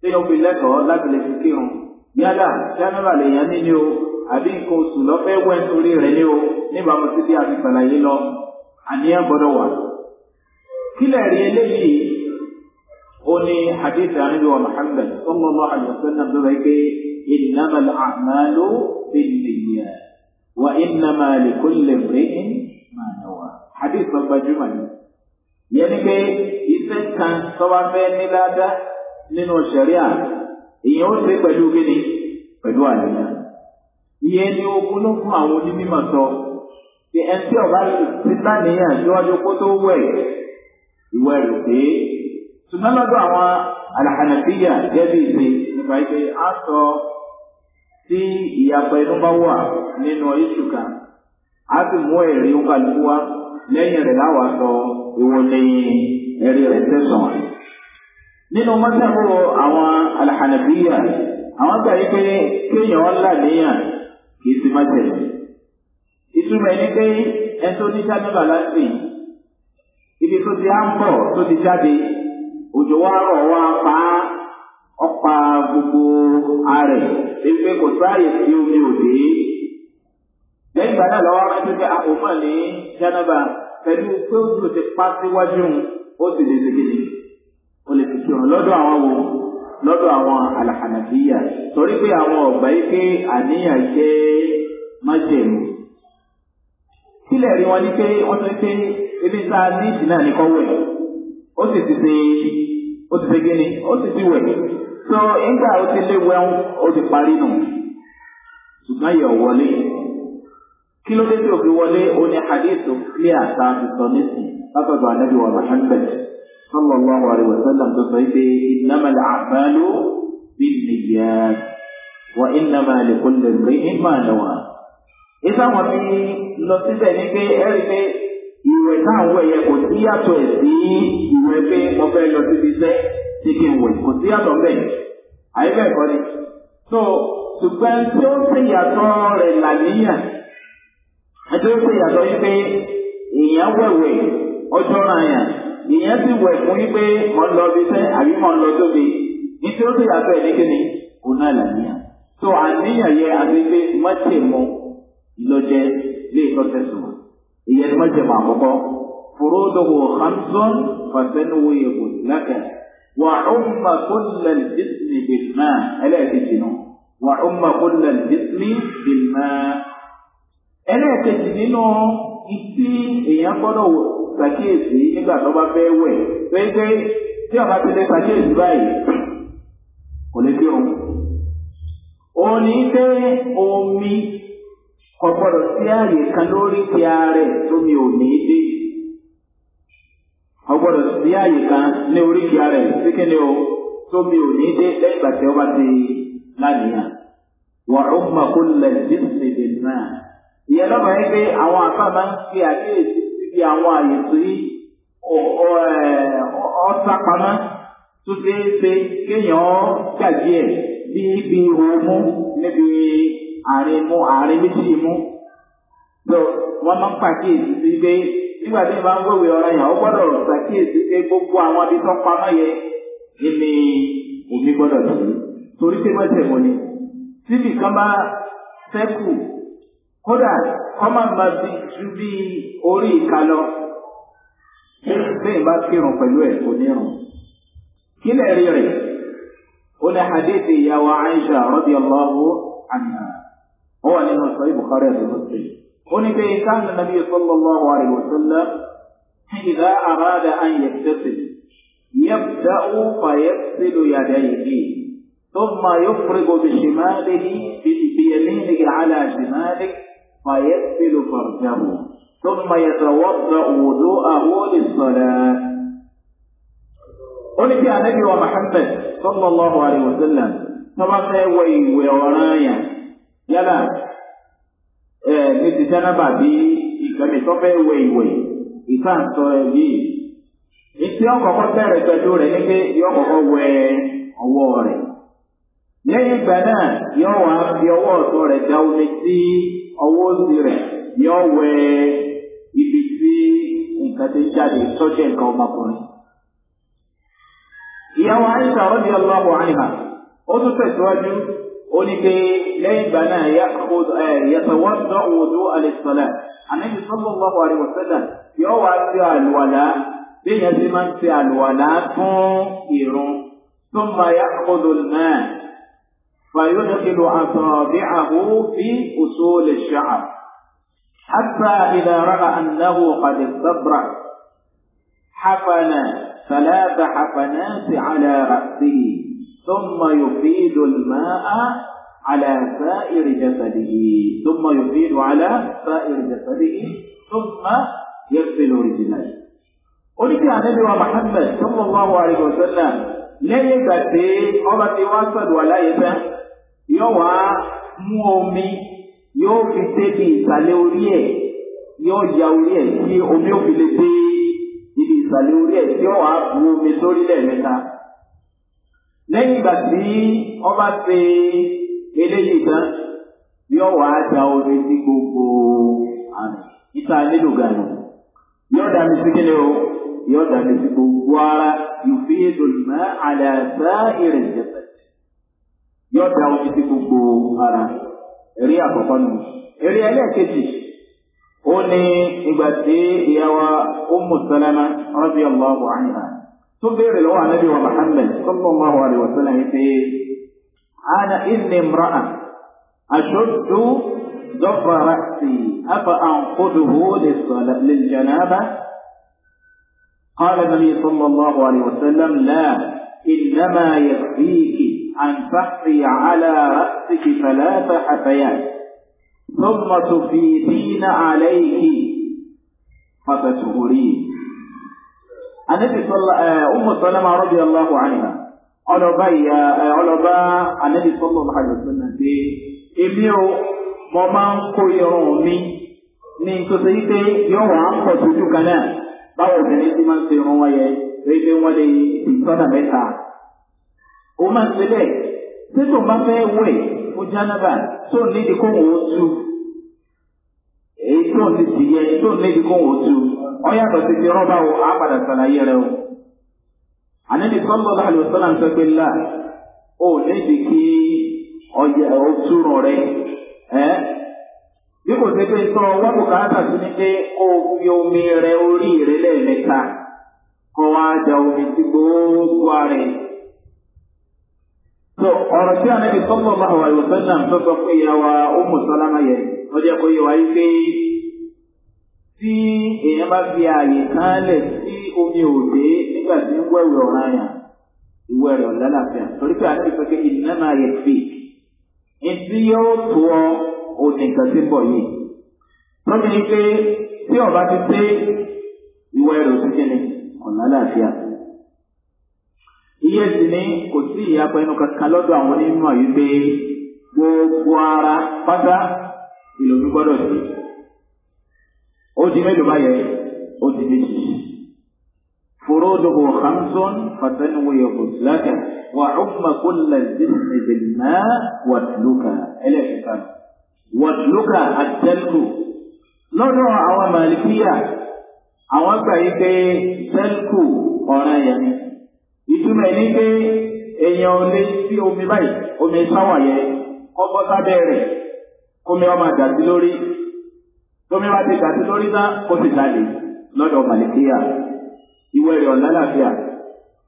tí ó fi lẹ́tọ̀ọ́ láti lè fi kírun yálà jánúrà lèèyàn nílé o àbí nǹkan oṣù lọ́fẹ́ wẹ̀ nítorí rẹ̀ ní o níbàámu sí bí àfihàn yìí lọ àníyàn gbọ́dọ̀ wà. kílẹ̀ rí eléyìí ó ní hadith àníbi wa muhammed sallallahu alayhi wa sallam ló rẹ̀ pé ìnáma àmàlú bí nìyẹn. وإنما لكل امرئ ما نوى حديث البجمل يعني كي إذا كان سواء بين نلادا nínú ṣẹ̀ríà èèyàn ó ṣe pẹ̀lú gíní pẹ̀lú àníyàn ìyẹn ni ogun ló fún àwọn onímọ̀ sọ pé ẹni tí ọba ti láníyàn síwájú kó tó wẹ̀ ìwẹ̀ rẹ̀ pé ṣùgbọ́n àwọn alàhànàfíyà jẹ́bi ìṣe nípa ìṣe á tí ìyàpọ̀ ẹnu bá wà nínú iṣu kan á sì mú ẹ̀rí ń kálukú wá lẹ́yìn rẹ̀ láwàá sọ ìwọ lẹ́yìn ẹ̀rí rẹ̀ tẹ̀sán. nínú mọ́sáfóró àwọn alhànàbíyà àwọn gbà yí pé kéèyàn ńlá léèyàn kì í ti má tẹ̀lé. ìtumọ̀ ẹni pé ẹtọ́ ní sábẹ́bà láti ibi tó ti á ń bọ̀ tó ti jáde òjò wa rọ̀ wá pa á ọ̀pá gbogbo arẹ̀ pé kò sáàyè sí omi òde lẹ́yìn ìgbà náà lọ́wọ́ rántí pé àwọn mọ̀ ní jẹ́nẹ́bà pẹ̀lú pé ó dúró ti pa síwájú òun ó sì lè ṣègbè ó lè fi kírun lọ́dọ̀ àwọn wo lọ́dọ̀ àwọn àlàkànàbíyà torí pé àwọn ọ̀gbà yìí pé àníyàn jẹ́ májèlú. sílẹ̀ rí wọn ní pé wọ́n ti pé ebi tá ní ìsìn náà ní kọ́wé ó sì ti ṣe ó ti ṣe gíní ó sì ti wẹ̀ so nígbà ó ti lé wẹ́hún ó ti parí nù ṣùgbọ́n yẹ̀ wọlé kí ló dé tí òfin wọlé ó ní hadith clear ta ti sọ nísìn látọ̀dọ̀ anábì wa Muhammad sallallahu alayhi wa sallam tó sọ pé innamal a'malu binniyat wa innama likulli imri'in ma nawa. ìsáwọn ti lọ síbẹ̀ ní pé ẹ̀rí pé ìwẹ̀ táwọn ẹ̀yẹ kò sí yàtọ̀ ẹ̀ sí ìwẹ̀ pé mo fẹ́ lọ síbi iṣẹ́ tí kí n wẹ̀ kò sí yàtọ̀ bẹ́ẹ̀ àyè bẹ́ẹ̀ ni. so ṣùgbọ́n tí ó ṣèyàtọ̀ rẹ̀ làníyàn àti ó ṣe ìyàtọ̀ yìí pé èèyàn wẹ̀wẹ̀ ọjọ́ náà yàn èèyàn sì wẹ̀ fún yìí pé mọ̀ ń lọ bí sẹ́ àbí mọ̀ ń lọ tóbi ní tí ó ṣe ìyàtọ̀ ẹ̀ ní kíni kò náà làníyàn tó àníyàn yẹ àti mọ́tẹ̀mọ́ ìlọ́jẹ lè tọ́tẹ̀ sùn ìyẹn mọ́tẹ̀mọ́ àkọ́kọ́ fòròdòwò hamsun fàtẹ́nuwò yẹ̀wò lákàá. وعم كل الجسم بالماء ألا تجنوا وعم كل الجسم بالماء ẹlẹ́ẹ̀kejì nínú ìtí èèyàn gbọ́dọ̀ ṣàkíyèsí nígbà tó bá fẹ́ wẹ̀ pé tí ọba ti lè ṣàkíyèsí báyìí kò lè dé òun ní dé omi kò sí ààyè kan lórí ti ààrẹ tómi ò ní dé. kò sí ààyè kan ní orí ti ààrẹ o tómi ò ní dé lẹ́yìn ìgbà tí ọba ti ìyẹn lọ́mọ yẹn pé àwọn àfa máa ń fi àkíyèsí síbi àwọn àyè tó yí ọ̀sá pamọ́ tó ṣe é ṣe kéèyàn gbàgbé ẹ̀ bí ibi òmù níbi àárín mú àárín méjì mú. tó wọ́n máa ń pàkíyèsí sí pé nígbà tí ìbá ń wéwè ọ̀rọ̀ yẹn ó gbọ́dọ̀ ṣàkíyèsí pé gbogbo àwọn ibi tó pamọ́ yẹn níbi omi gbọ́dọ̀ sí torí pé wọ́n tẹ̀ wọ́n ni. síbì kan bá fẹ́ kù kódà ọmọ àgbà ti ju bí orí ìka lọ bẹ́ẹ̀ bá kírun pẹ̀lú ẹ̀ kò ní rùn kí lè rí rẹ̀ ó lè hadithi ìyàwó Aisha ọlọ́wọ́ àná ó wà nínú sọ́yìn Bukhari àti sí. ó ní pé káàmù nàbí sallallahu alayhi wa sallam ìdá àràdà an yẹtẹsì yẹbdà ó fà yẹtẹsì yàdá yìí ثم يفرغ بشماله بيمينه على شماله فيغسل فرجه ثم يتوضأ وضوءه للصلاة قلت يا نبي ومحمد صلى الله عليه وسلم طبعا سيوي ورايا يلا ní ti jánábà bí ìkànnì tó fẹ́ wẹ ìwẹ̀ ìta ń bẹ̀rẹ̀ pẹ̀lú rẹ̀ ní yọ ọkọ̀ọ̀kọ̀ wẹ ọwọ́ rẹ̀. Lẹ́yìn ìgbà náà yọ wá fi ọwọ́ ọ̀tọ̀ rẹ̀ da omi sí ọwọ́ òsì ya ọ wẹ ibi tí nǹkan ti jáde tọ́jú nǹkan ọmọkùnrin. ìyàwó àyíṣà ọ̀dí ọlọ́wọ́ àyíṣà ó tún tẹ̀síwájú ó lẹ́yìn ìgbà náà yàtọ̀wọ́ dọ́wọ́ àlẹ́sọ̀lá ànábi sọ́gbọ́n wà wà rẹwà sẹ́dà yọ wá sí àlùwàlá bí yẹn ti máa ń ṣe àlùwàlá fún ìrun tó máa ya kó lò náà. فيدخل أصابعه في أصول الشعر حتى إذا رأى أنه قد استبرأ حفن ثلاث حفنات على رأسه ثم يفيد الماء على سائر جسده ثم يفيد على سائر جسده ثم يغسل رجليه قلت يا نبي محمد صلى الله عليه وسلم ليس ti wá sọ̀dọ̀ yóò wá mú omi yóò fi débi ìsàlẹ̀ orí ẹ̀ yóò ya orí ẹ̀ tí omi ò fi lè dé ibi ìsàlẹ̀ orí ẹ̀ tí yóò wá bu omi sórí lẹ́ẹ̀mẹ́ta. lẹ́yìn ìgbà tí ọba ṣe eléyìí tán yóò wá da omi sí gbogbo ìta nílò gànà yóò dá mi sí kíni o yóò dá mi sí gbogbo ara yòófin èdò ìmọ̀ àlàáfíà ìrìn jẹ̀fẹ̀. yóò da omi sí gbogbo ara eré àkọ́kọ́ nù. eré ẹlẹ́ẹ̀kejì ó ní ìgbà tí ìyá wa ó mú Ummu Salama radiyallahu àyíká tó béèrè lọ́wọ́ anábì wa Muhammad sallallahu alaihi wa sallam yìí pé ana mìíràn sí inni imra'a ashuddu ظفر رأسي أفأنقذه للجنابة قال النبي صلى الله عليه وسلم لا إنما يكفيك أن تحصي على رأسك ثلاث حفيات ثم تفيدين عليك فتشهرين النبي صلى أم سلمة رضي الله عنها ọlọba ìyá ọlọba anabi sọlọ àlùfẹ náà dé èmi o mo máa ń kó irun mi ní nítorí yìí pé yóò wá ń pọ̀ tójú kan náà báwo obìnrin ti máa ń ṣe irun wọn yẹ pé pé wọ́n lè ti sọ́nà mẹ́ta ó máa ń pẹlẹ tí tó bá fẹ́ wẹ̀ fún jánábà tó nídìí kó wò ó èyí tó ní ti yẹ tó nídìí kó wò ó tú ọ̀yàtọ̀ sí ti rọ́bà á rẹ o. àníbi sọ́ńdọ̀ láàlú sọ́nà ń sọ ńlá ó nídìí kí ọjà rẹ ẹ́ bí kò sí pé sọ wọ́n kò káàtà sí ni pé o fi omi rẹ orí rẹ lẹ́ẹ̀mẹ́ta kó wá da omi gbogbo ara so ọ̀rọ̀ tí ànábì sọ́kọ̀ bá wà lọ sẹ́nà tó sọ pé ìyàwó ọmọ sọlámà yẹ ó jẹ́ kó yẹ wá yí pé tí èèyàn bá fi ààyè kan lẹ̀ sí omi òde nígbà tí ń wẹ̀wẹ̀ ọ̀ràn yà ìwẹ̀ rẹ̀ ọ̀làlàfíà torí pé ànábì sọ pé ìnáná yẹ fi ìdí yóò tó ọ òní nǹkan tí ń bọ̀ yìí lọ́sìn ni pé tí ọba ti dé ìwẹ̀ rẹ̀ kẹ́ni ọ̀làlàfíà díẹ̀ sí ní kò sí ìyapa ẹnu kankan lọ́dọ̀ àwọn onímọ̀ yìí pé gbogbo ara pátá ìlòmí gbọ́dọ̀ sí. ó di mélòó báyẹn ó di méjì. فروضه خمس فتنوي غسلك وحكم كل الجسم بالماء واتلك إلى حكام واتلك التلك lọ́dọ̀ àwọn màlìkíyà àwọn gbà yí pé tẹ́lkù ọ̀ràn yẹn ìtumọ̀ ẹ̀ ní pé èèyàn ò lè sí omi báyìí omi sáwà yẹn kọ́kọ́ sábẹ́ rẹ̀ omi wa máa dàtí lórí tómi wa ti dàtí lórí náà ó sì dalè lọ́dọ̀ màlìkíyà ìwé rẹ̀ ọ̀nà àlàáfíà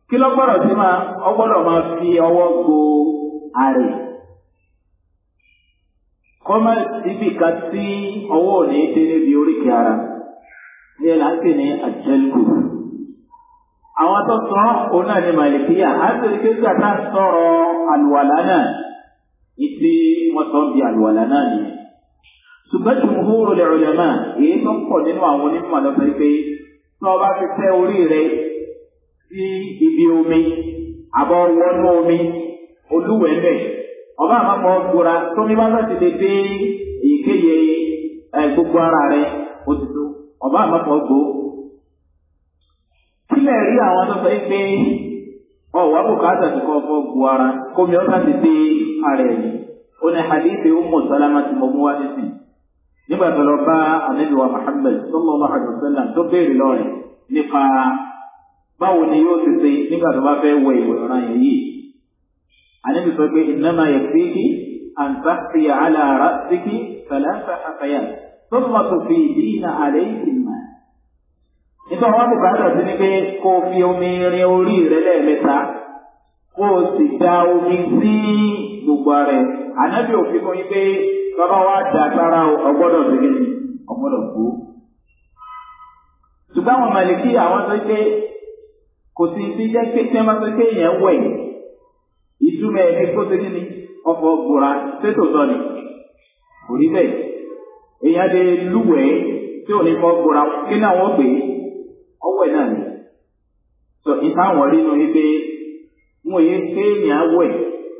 kí ló gbọ́dọ̀ sí máa ọgbọ́dọ̀ máa fi ọwọ́ go àrè kọ́mọ̀ síbi ká sí ọwọ́ òní dé níbi oríkèé ara ní ẹ̀ láti ní àjẹlù àwọn tó sọ òun náà ní màlìkíyà á sì rí kéńtà tá a sọ̀rọ̀ àlùwàlá náà ìtì wọn sọ bí àlùwàlá náà ni. ṣùgbọ́n jumhuru ulama èyí tó ń pọ̀ nínú àwọn onímọ̀ lọ́sẹ̀ pé tó o bá fi tẹ orí rẹ sí ibi omi àbọ̀ wọnú omi olúwẹ̀ẹ́bẹ̀ ọba àmọ́ gbóra tómi bá láti lè dé èyíkéyìí gbogbo ara rẹ òtútù ọba àmọ́ gbó kílẹ̀ rí àwọn tó sọ yìí pé ọ̀wá bùkátà tó kọ́ fọ́ bu ara kó mi ọ́ láti dé ara ẹ̀yìn ó ní hadith umu salama ti mọ̀ mú wá nísìn nígbà tó lọ bá anabi wa muhammed sallallahu alayhi wa sallam tó béèrè lọ́rẹ̀ nípa báwo ni yóò ti ṣe nígbà tó bá fẹ́ wọ ìwé yẹn yìí anabi sọ pé ìnáma yẹ fi kí àǹtá fi àlàra sí kí fẹlẹ́ fẹ́ àfẹ́yà tó mọ̀ tó fi ìdí ìnà àlẹ́ yìí nítorí wọn bùkátà sí ni pé kó o fi omi rin orí rẹ lẹ́ẹ̀mẹ́ta kó o sì da omi sí gbogbo rẹ ànábì òfin fún yín pé bàbá wa dà sára ọgbọ́dọ̀ sí ni ọgbọ́dọ̀ kú. ṣùgbọ́n àwọn màlìkí àwọn tó ṣe kò sí ti jẹ́ pé tí wọ́n bá tó ṣe yẹn wẹ̀ ìtumọ̀ ẹ̀mí kó ṣe kí ni ọkọ̀ gbòòrà ṣètò sọ ni kò rí bẹ́ẹ̀ èèyàn lè lúwẹ̀ẹ́ tí ò ní kọ́ gbòòrà kí ni àwọn gbèé. ọwọ́ ẹ̀ náà ni sọ ìtàwọn rí nu wípé wọn yé séèyàn wẹ̀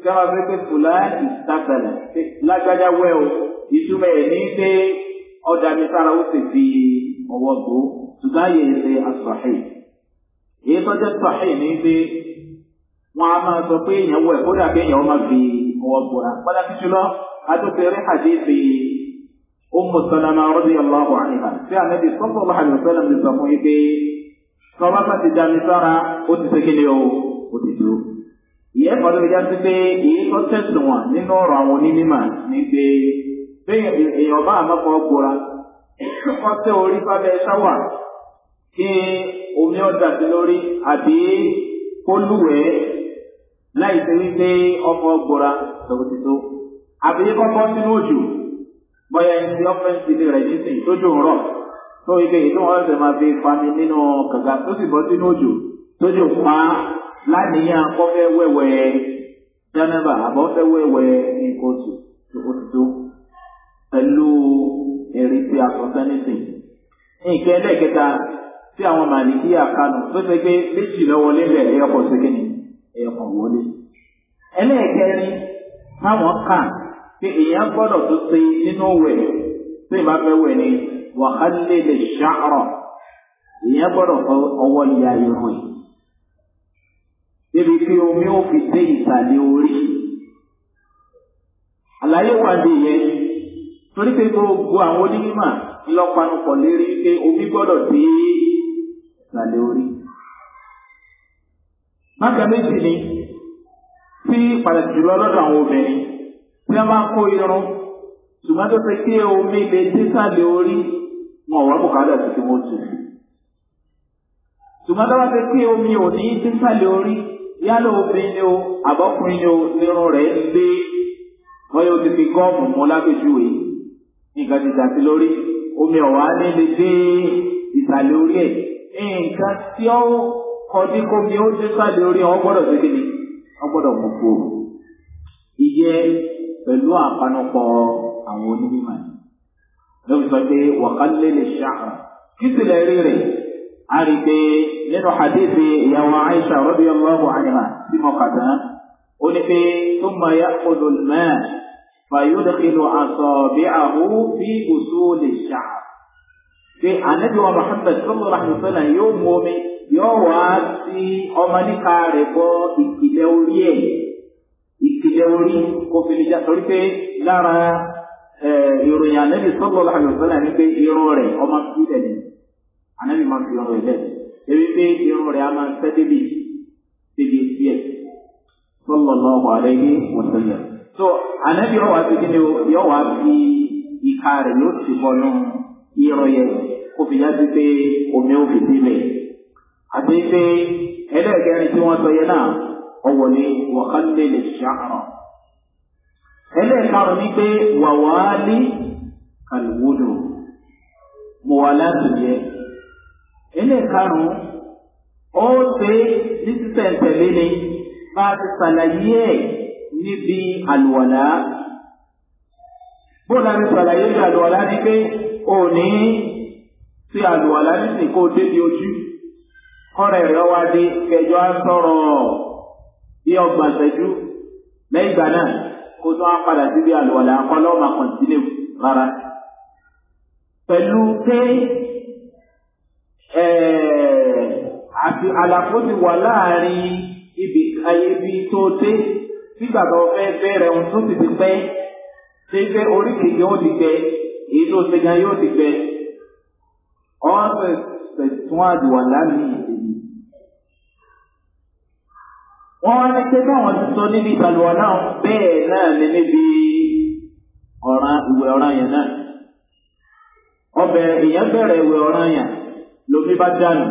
kí wọn fẹ́ pé fúláàdì sàtàlà lágbájá wẹ̀ o ìtumọ̀ ẹ̀ ní pé ọjà mi sára ó sì fi ọwọ́ gbó ṣùgbọ́n àyè ṣe àṣàhì èyí tọ́jú àṣàhì ní pé wọn a máa sọ pé èèyàn wẹ̀ kódà èèyàn máa fi ọwọ́ gbóra jùlọ adókè tí a nàbì sọ́kọ̀ ọlọ́hàbì sọ fún yìí pé. sọba má ti dami sára ó ti sékéde o ó ti dúró. ìyẹn kan ló fi jáde pé èyí tó tẹ̀sùn wọn nínú ọ̀rọ̀ àwọn onímọ̀ ni pé bẹ́ẹ̀ èèyàn bá àmọ́kọ̀ gbóra wọ́n tẹ orí fábẹ́ ṣáwà kí omi ọ̀dà sí lórí àbí kó lúwẹ̀ẹ́ láì ṣe wípé ọmọ gbóra tòkòtìtò àbí kọ́kọ́ sínú òjò bọ́yá ẹni tí ọ́fẹ́ǹsì rẹ̀ nísìnyí tó jò rọ̀ tó ike yìí tó wọ́n ṣe máa fi fani nínú kànga tó sì bọ́ sínú òjò tó sì pa á láníyàn kọ́ fẹ́ wẹ̀wẹ̀ jẹ́nẹ́bà àbọ̀ fẹ́ wẹ̀wẹ̀ nǹkan oṣù òtítọ́ pẹ̀lú èrè tí a sọ sẹ́nìtì. nǹkan ẹlẹ́ẹ̀kẹta tí àwọn màlìkí àkànù tó ṣe pé méjì lọ́wọ́ lébẹ̀ ẹ̀yọkọ̀ ṣẹ́kẹ́ni ẹ̀yọkọ̀ wọlé. ẹlẹ́ẹ̀kẹrin táwọn kà pé èèyàn gbọ́dọ̀ tó ṣe nínú wẹ̀ tó ì وخلل الشعر يبرق أول يا يروي débi pé omi ò fi dé ìsàlẹ̀ orí àlàyé wà dé yẹn torí pé gbogbo àwọn onímọ̀ ńlọpanupọ̀ lérí pé omi gbọ́dọ̀ dé ìsàlẹ̀ orí bákan méjì ni tí pàtàkì jùlọ lọ́dọ̀ àwọn obìnrin tí wọ́n bá kó irun ṣùgbọ́n tó ṣe omi lè dé ìsàlẹ̀ orí wọn wá bùkátà sí kí wọ́n tù. ṣùgbọ́n tó bá ti pé omi ò ní sísàlẹ̀ orí yálà obìnrin ni o àbọ̀kùnrin ni o nírun rẹ̀ ń gbé wọ́n yóò ti fi gọ́ọ̀mù mú lábẹ́júwe nǹkan ti dà sí lórí omi ọ̀wá ní lè dé ìsàlẹ̀ orí ẹ̀ nǹkan tí ó kọjú kómi ó dé orí ọ̀ gbọ́dọ̀ ṣe kí ni ọ̀ gbọ́dọ̀ mú kú ìyẹ́ pẹ̀lú àpanupọ̀ àwọn onímọ̀ yìí ló fi sọ pé wàkálẹ́ lè ṣàrà kí sì lè rí rè a rí pé nínú hadithi ìyàwó Aisha radiyallahu anha tí mo kà tán ó ní pé thumma ya'khudhu al-ma' fayudkhilu asabi'ahu fi usul ash-sha'r pé ànábì wa Muhammad sallallahu alaihi wasallam yóò mú omi yóò wá sí ọmọ níka rẹ̀ bọ́ ìkìlẹ̀ orí ẹ̀ ìkìlẹ̀ orí fi lè ìròyìn ànábì sọ́gbọ́ àlùfẹ́lá ni pé irun rẹ̀ ọmọ sílẹ̀ ni ànábì máa fi irun rẹ̀ lẹ̀ ebi pé irun rẹ̀ a máa fẹ́ débi débi díẹ̀ sọ́gbọ́ náà wà lẹ́yìn wọ̀sẹ̀lẹ̀. so ànábì yóò wá sí kí ni yóò wá fi ìka rẹ̀ ló ti bọ́nú irun yẹn kó fi yájú pé omi ò fi sílẹ̀ àti pé ẹlẹ́ẹ̀kẹrin tí wọ́n sọ yẹn náà ọ̀wọ̀ ni wọ́n kálẹ̀ lè ṣàrọ̀ ẹlẹ́ẹ̀karùn ní pé wàwáálí kàlùwòdò mo wà látòyẹ ẹlẹ́ẹ̀karùn ó ṣe ní sísẹ̀ǹtẹ̀lé ni bá a ti ṣàlàyé ẹ̀ níbi àlùwàlá bó láti ṣàlàyé bí àlùwàlá ni pé ò ní sí àlùwàlá nísìnyí kó débi ojú kọ́rẹ̀ rẹ̀ wá dé kẹjọ á sọ̀rọ̀ bí ọgbà ṣẹ́jú lẹ́yìn ìgbà náà kó tó wá padà síbi àlùwàlà akọ́lọ́ máa kọ̀ǹtínú rárá. pẹ̀lú pé àti àlàfo ti wà láàrin ibi ayé bíi tó dé tí bàbá ọ̀fẹ́ bẹ̀rẹ̀ ohun tó ti ti pẹ́ ṣé pé oríkèéjì ó ti gbẹ èyí tó ṣe gan yóò ti gbẹ. ọ̀hún ṣe tún àdìwàlá mi wọ́n wá ní pé báwọn ti sọ níbi ìsàlùwọ̀ náà bẹ́ẹ̀ náà ni níbi ọ̀ràn ìwẹ̀ ọ̀ràn yẹn náà ọbẹ̀ èèyàn bẹ̀rẹ̀ ìwẹ̀ ọ̀ràn yẹn lomi bá dànù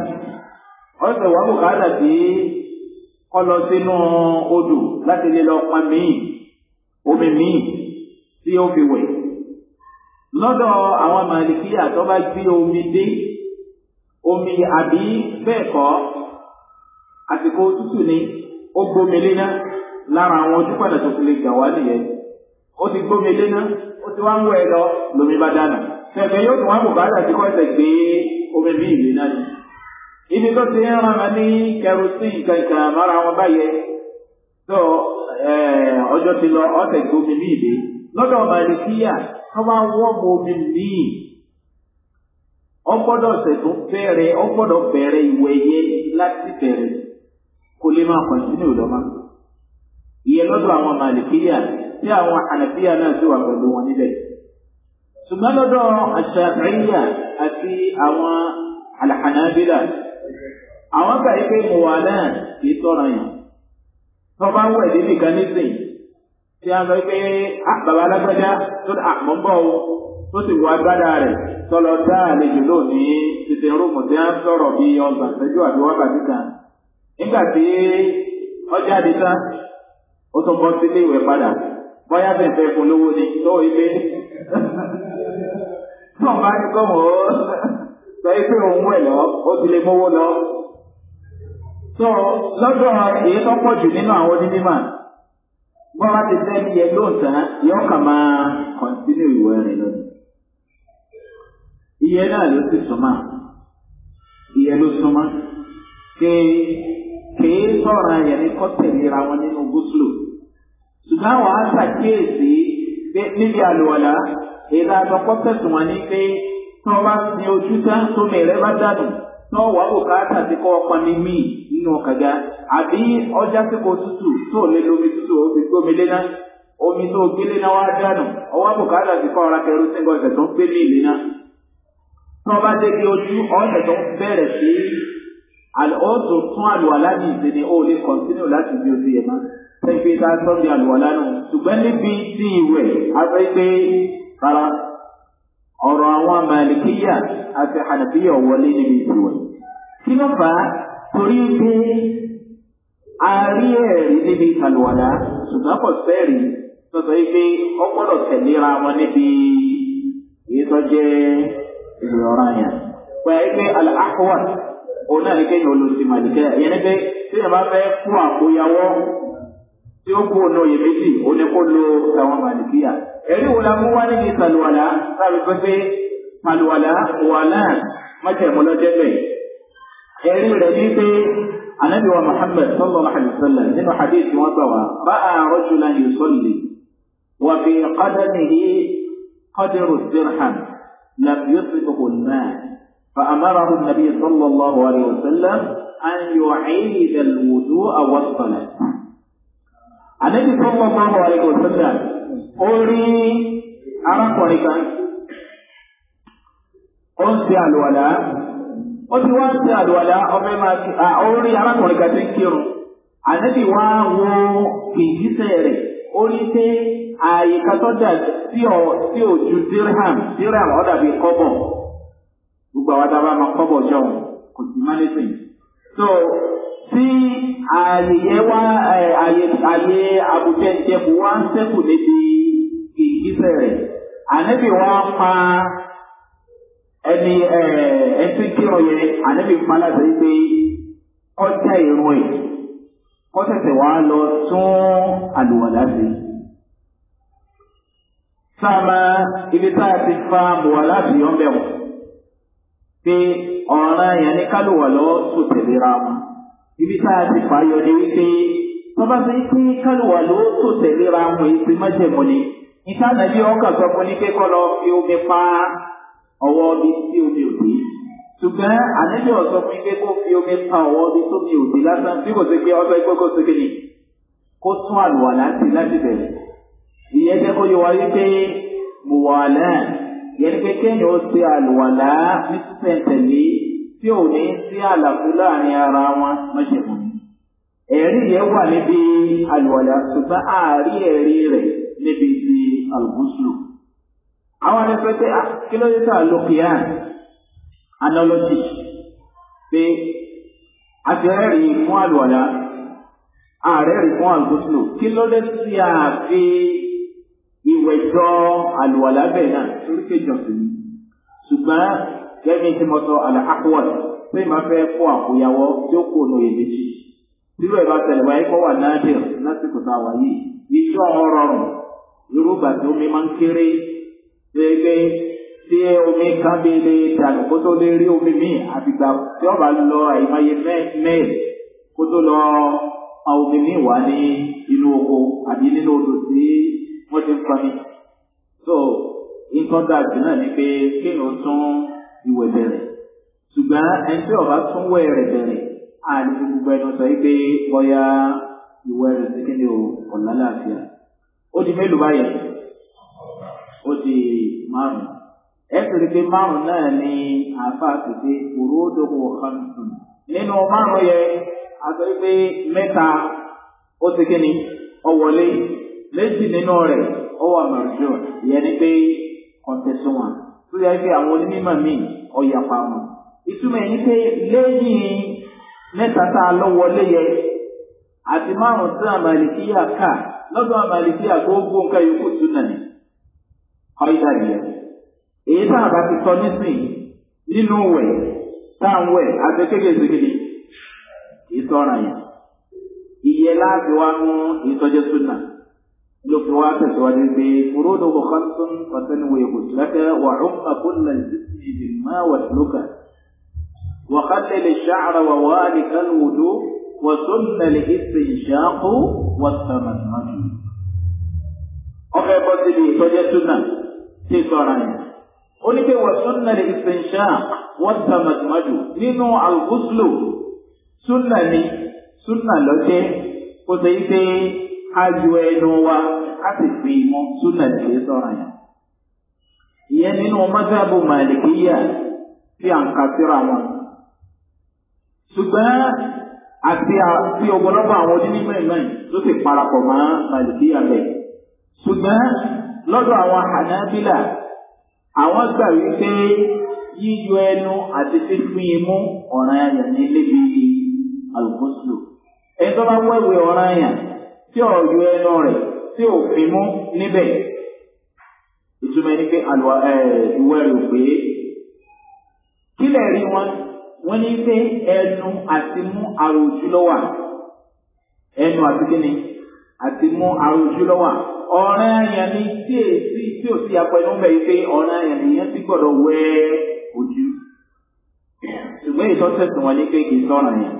ọ̀sẹ̀ wà bùkátà sí kọlọ sínú odò láti lè lọ pa míì omi míì tí ó fi wẹ̀ lọ́dọ̀ àwọn màlìkíyà tó gbé omi dé omi àbí bẹ́ẹ̀ kọ́ àsìkò tútù ni. ó gbómelé náà lára àwọn ojúpàdà tó fi lè gbà wá nìyẹn ó ti gbómelé náà ó ti wá ń wẹ̀ lọ lómi bá dáná ṣẹ̀fẹ̀ yóò tún wá gbé omi bí ìlú náà ni ibi tó ti ń rán ní kẹrosíì kankan mọ́ra wọn báyẹn tó eh, ọjọ́ ti lọ gbómi kó lè máa kọ̀ǹtínú lọ́mọ. ìyẹn lọ́dọ̀ àwọn màlìkíyà tí àwọn àlàfíà náà ti wà pẹ̀lú wọn níbẹ̀. ṣùgbọ́n lọ́dọ̀ àṣàfíyà àti àwọn àlàhànábílà àwọn gbà yí pé mo wà náà kì í tọ́ra yàn. tọ́ba wẹ̀ níbi kan nísìn tí a sọ pé ah, bàbá alágbájá tó dà mọ́ bọ́ o tó sì wọ agbádá rẹ̀ tọ́lọ dá àlejò lónìí tètè rúmù tí a ń sọ̀rọ̀ bíi ọgbà ìṣẹ́jú àbí wákàtí kan nígbà tí ọjà di tán ó tún bọ́ sílé ìwẹ̀ padà bóyá bẹ̀rẹ̀ fún lówó ni tó ilé tó bá ní kọ́mọ̀ ó sọ pé òun ẹ̀ lọ ó ti lè mówó lọ. tó lọ́dọ̀ èyí tó pọ̀ jù nínú àwọn onímọ̀ bọ́n bá ti tẹ́ iye lóòótọ́ yóò kà máa kọ̀ǹtínú ìwẹ̀ rẹ̀ lọ. iye náà ló ti súnmọ́ iye ló súnmọ́ pé. kèé sọ̀rọ̀ yẹn ní kọ́tẹ̀lera wọn nínú gúúsùlù ṣùgbọ́n àwọn aṣàkíyèsí níbi àlùwàlà èdè àtọkọ́tẹ̀sùn wọn ni pé bá ní ojú tó mẹ̀rẹ́ bá dànù bùkátà ti kọ́ ní mí nínú àbí ọjà tí kò tó lé lómi omi tó wá dànù ọwọ́ bùkátà ti kọ́ ọ̀rá kẹrù ń gbé mí bá dé àlọ́ọ̀tún tún àlùwàlá ní ìsinmi ó lè kọ̀ntínú láti bí ojú yẹn máa pẹ́pẹ́ tá a sọ bí àlùwàlá nù ṣùgbọ́n níbi tí ìwẹ̀ afẹ́gbẹ́ rárá ọ̀rọ̀ àwọn màlìkíyà àti hànàfíyà wọlé níbi ìwẹ̀. kí ló fà á torí pé a rí ẹ̀rí níbi àlùwàlá ṣùgbọ́n kò sẹ́ẹ̀rí sọ̀tọ̀ yìí pé tẹ̀léra wọn níbi ìtọ́jẹ́ ìrọ̀ràn yẹn òun náà ní kéèyàn olùsìn màdìkẹ́ yẹn ni pé tí ẹ bá fẹ́ fún àkóyawọ́ tí ó kú ònà òye méjì òun ni kó lo àwọn màdìkíyà ẹ̀rí wo la mú wá níbi ìsàlùwàlá láti pé pé màlùwàlá wàhálà mọ́tẹ̀mọ́lọ́jẹ́ bẹ́ẹ̀ ẹ̀rí rẹ̀ ní pé anabi wa muhammad sallallahu alayhi wa sallam nínú hadith wọn gbà wá bá a rọ́ṣùlá yìí sọ́lì wà fi qadamihi qadiru dirham lam yusrifu al-mal فأمره النبي صلى الله عليه وسلم أن يعيد الوضوء والصلاة النبي صلى الله عليه وسلم أولي أرى قريبا أنسي الولاء أنسي وانسي الولاء أولي أرى قريبا تنكر النبي وهو في جسر أولي تي àyíká tó dà sí ò sí òjú dirham dirham gbogbo àwọn táwọn máa kọ́ bọ̀ jọ̀hún kò sí mánítìn. so tí ààyè yẹn wá ààyè ààyè àbùjẹjẹbù wá ń sẹ́kù níbi ìgbésẹ̀ rẹ̀ ànábì wá pa ẹni ẹtí kí ọyẹ ànábì pa láti rí pé ọjà ìrún ẹ̀ kọ́ tẹ̀sẹ̀ wá lọ tún àlùwàlá sí i sáàmà ibi tá a ti fa mùwàlá sí ọ̀bẹ̀ wọn pé ọ̀ràn yẹn ní kálùwà lọ́wọ́ tó tẹ̀lé ra wọn. ibi tá a ti fààyọ ni wípé tọ́ba ti pé kálùwà lọ́wọ́ tó tẹ̀lé wọn èyí ti májẹ̀mú ni. níta nàbí ọkà sọ fún ní pé kọ́ lọ fi omi pa ọwọ́ bí tí omi ò dé. ṣùgbọ́n ànábì ọ̀sọ́ fún pé kó fi omi pa ọwọ́ bí tó mi ò dé lásán bí kò sí pé ọ̀sọ́ ìgbẹ́ kó sí kìnnì kó tún àlùwà láti láti bẹ̀rẹ̀. ìyẹn jẹ́ kó yọ wá wípé mùwàlẹ́ẹ̀ yẹn pé kéèyàn ó ṣe àlùwàlá ní sísẹ̀ntẹ̀lé tí ò ní sí àlàfo láàrin ara wọn mọ́ṣẹ̀kùn. ẹ̀rí yẹn wà níbi àlùwàlá ṣùgbọ́n àárí ẹ̀rí rẹ̀ níbi ti àlùbùsùlù. àwọn ẹgbẹ́ pé kílódítà lókìá analogy pé a fún àlùwàlá ààrẹ fún àlùbùsùlù kílódé tí a fi ìwẹ̀jọ́ àlùwàlá bẹ̀ náà torí pé jọ̀sìn ni ṣùgbọ́n gẹ́gẹ́ tí mo sọ àlàkàkọ́wọ̀ pé màá fẹ́ kó àkóyawọ́ tí ó kó ònà òye méjì nínú ẹ̀ tẹ̀lé wáyé kọ́ wà náàdìr lásìkò tá a wà yìí iṣẹ́ ọ̀hún rọrùn yorùbá tí omi máa ń kéré gbẹgbẹ tí omi kan bí lè dànù kó tó lè rí omi míì àfìgbà tí ọba lọ àìmọye mẹ́ẹ̀ kó tó lọ pa omi míì wá ní inú oko àbí nínú odò sí wọ́n ti ń kọ́ ni. so nǹkan dáa jù náà ni pé kéèyàn tún ìwẹ̀ bẹ̀rẹ̀ ṣùgbọ́n ẹni tí ọba tún wẹ̀ rẹ̀ bẹ̀rẹ̀ á ní fi gbogbo ẹnu sọ pé bọ́yá ìwẹ̀ rẹ̀ ti kéde ọ̀la láàfíà. ó di mélòó báyẹn ó di márùn-ún ẹ pèrè pé márùn-ún náà ni àáfàá pèsè òróódòwò hamsun nínú márùn-ún yẹn a sọ pé mẹ́ta ó ti kéde ọ̀wọ́lé. méjì nínú rẹ̀ ó wà mọ̀rọ̀dọ̀ ìyẹn ni pé kọ̀ǹtẹ̀sùn wọn tó yẹ pé àwọn onímọ̀ míì ọ̀yà pamọ́ ìtumọ̀ ẹni pé lẹ́yìn mẹ́ta tá a lọ wọlé yẹ àti márùn tí àmàlìkíyà kà lọ́dọ̀ àmàlìkíyà gbogbo nǹkan yòókù tún nàní ọ̀yà nìyẹn èyí tá a bá ti sọ nísìnyí nínú wẹ̀ tá à ń wẹ̀ yẹn láti wá mú ìtọ́jú tún لكن واقف ولدي فروده خمس وتنوي غسلك وعق كل الجسم بالماء واسلكه وخل للشعر ووالك الوجوه وسن الاستنشاق والتمنج ọkọ ẹkọ ti di ìtọjẹ túnà tí sọra yẹn ó ní pé wọn súnà lè ṣèǹṣà wọn tàmàtàmàjù nínú àlùkùsùlù súnà ni súnà lọjẹ kó ṣe pé ayọ ẹnu wa a sì fi mọ́ súnà tìlé sọ̀rọ̀ yẹn. ìyẹn nínú mọ́tàbù màlìkíyà tí à ń kà síra wọn. ṣùgbọ́n àti àti ọ̀pọ̀lọpọ̀ àwọn onímọ̀ ìmọ̀ yìí ló sì parapọ̀ mọ́ màlìkíyà bẹ́ẹ̀. ṣùgbọ́n lọ́dọ̀ àwọn hànábìlà àwọn gbà wípé yíyọ ẹnu àti fífún imú ọ̀ràn ẹ̀yà ní lébi alùpùpù. ẹ̀tọ́ bá wẹ̀wẹ̀ ọ̀ràn ẹ̀yà tí ọ̀rọ̀ yọ ẹnu rẹ̀ tí ò fi mú níbẹ̀. ìtumọ̀ ẹni pé àlùwà ìwé rẹ̀ pé kílẹ̀ rí wọn wọ́n ní pé ẹnu àti mú àròjù lọ́wà ẹnu àti kíni àti mú àròjù lọ́wà ọ̀ràn àyàn ni tí èsì tí ò sí apẹnu bẹ́ẹ̀ pé ọ̀ràn àyàn nìyẹn ti gbọ́dọ̀ wẹ́ ojú ṣùgbọ́n ìtọ́sẹ̀sùn wọn ní pé kì í sọ̀ràn yẹn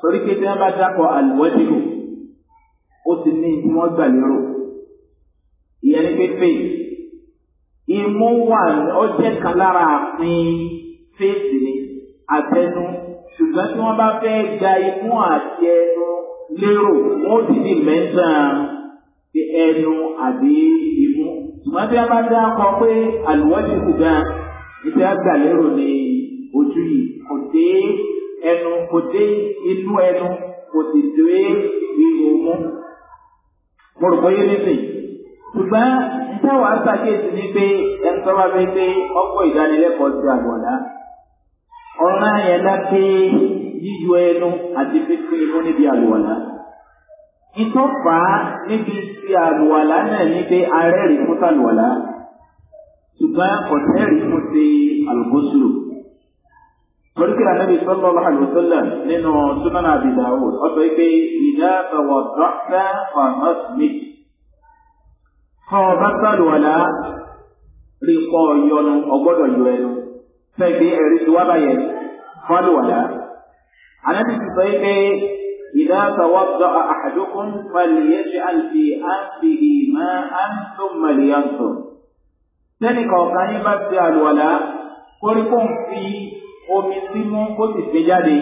torí pé tí wọ́n bá dákọ̀ àlùwẹ́dìrò ó ti ní tí wọ́n gbà lérò ìyẹn ní pépè imú wà ọjẹ́ kan lára àpín fèsì ni àtẹnu ṣùgbọ́n tí wọ́n bá fẹ́ gba imú àti ẹnu lérò wọ́n ó ti di mẹ́sàn-án ti ẹnu àbí imú ṣùgbọ́n tí wọ́n bá dá kọ pé àlùwọ́dì ti dá ìdí àgbà lérò ní ojú yìí kò dé ẹnu kò dé inú ẹnu kò sì dé ihò mo rò pé yé nísìnyí ṣùgbọ́n ìtawà ṣàkíyèsí ni pé ẹnitọ́ba bíi pé ọkọ̀ ìdánilẹ́kọ̀ọ́ ti àgbọ̀dá ọ̀ràn yẹn dá pé yíyọ ẹnu àti fífún inú níbi àlùwàlá ìtọ́fà níbi ti àlùwàlá náà ní pé arẹ́rìí fún tàlùwàlá ṣùgbọ́n kọ̀tẹ́rì fún ti àlùkòṣùlù torípé anabi sallallahu alaihi wasallam nínú sunan abi dawud ọsọ pé ìdá àtàwọ dọ́kítà fàmásìmì fọwọ́ bá sàlùwàlá rí kọ́ yọnu ọgbọ́dọ̀ yọ ẹnu fẹ́ẹ̀gbé ẹ̀rí tí wá báyẹn fàlùwàlá anabi ti sọ pé ìdá àtàwọ dọ́ ahadukum fàlìyẹ́sì àti àǹtìrì máa ń tó sẹ́nìkọ̀ọ̀kan yín bá ti àlùwàlá kórìkò omi símú ó sì gbé jáde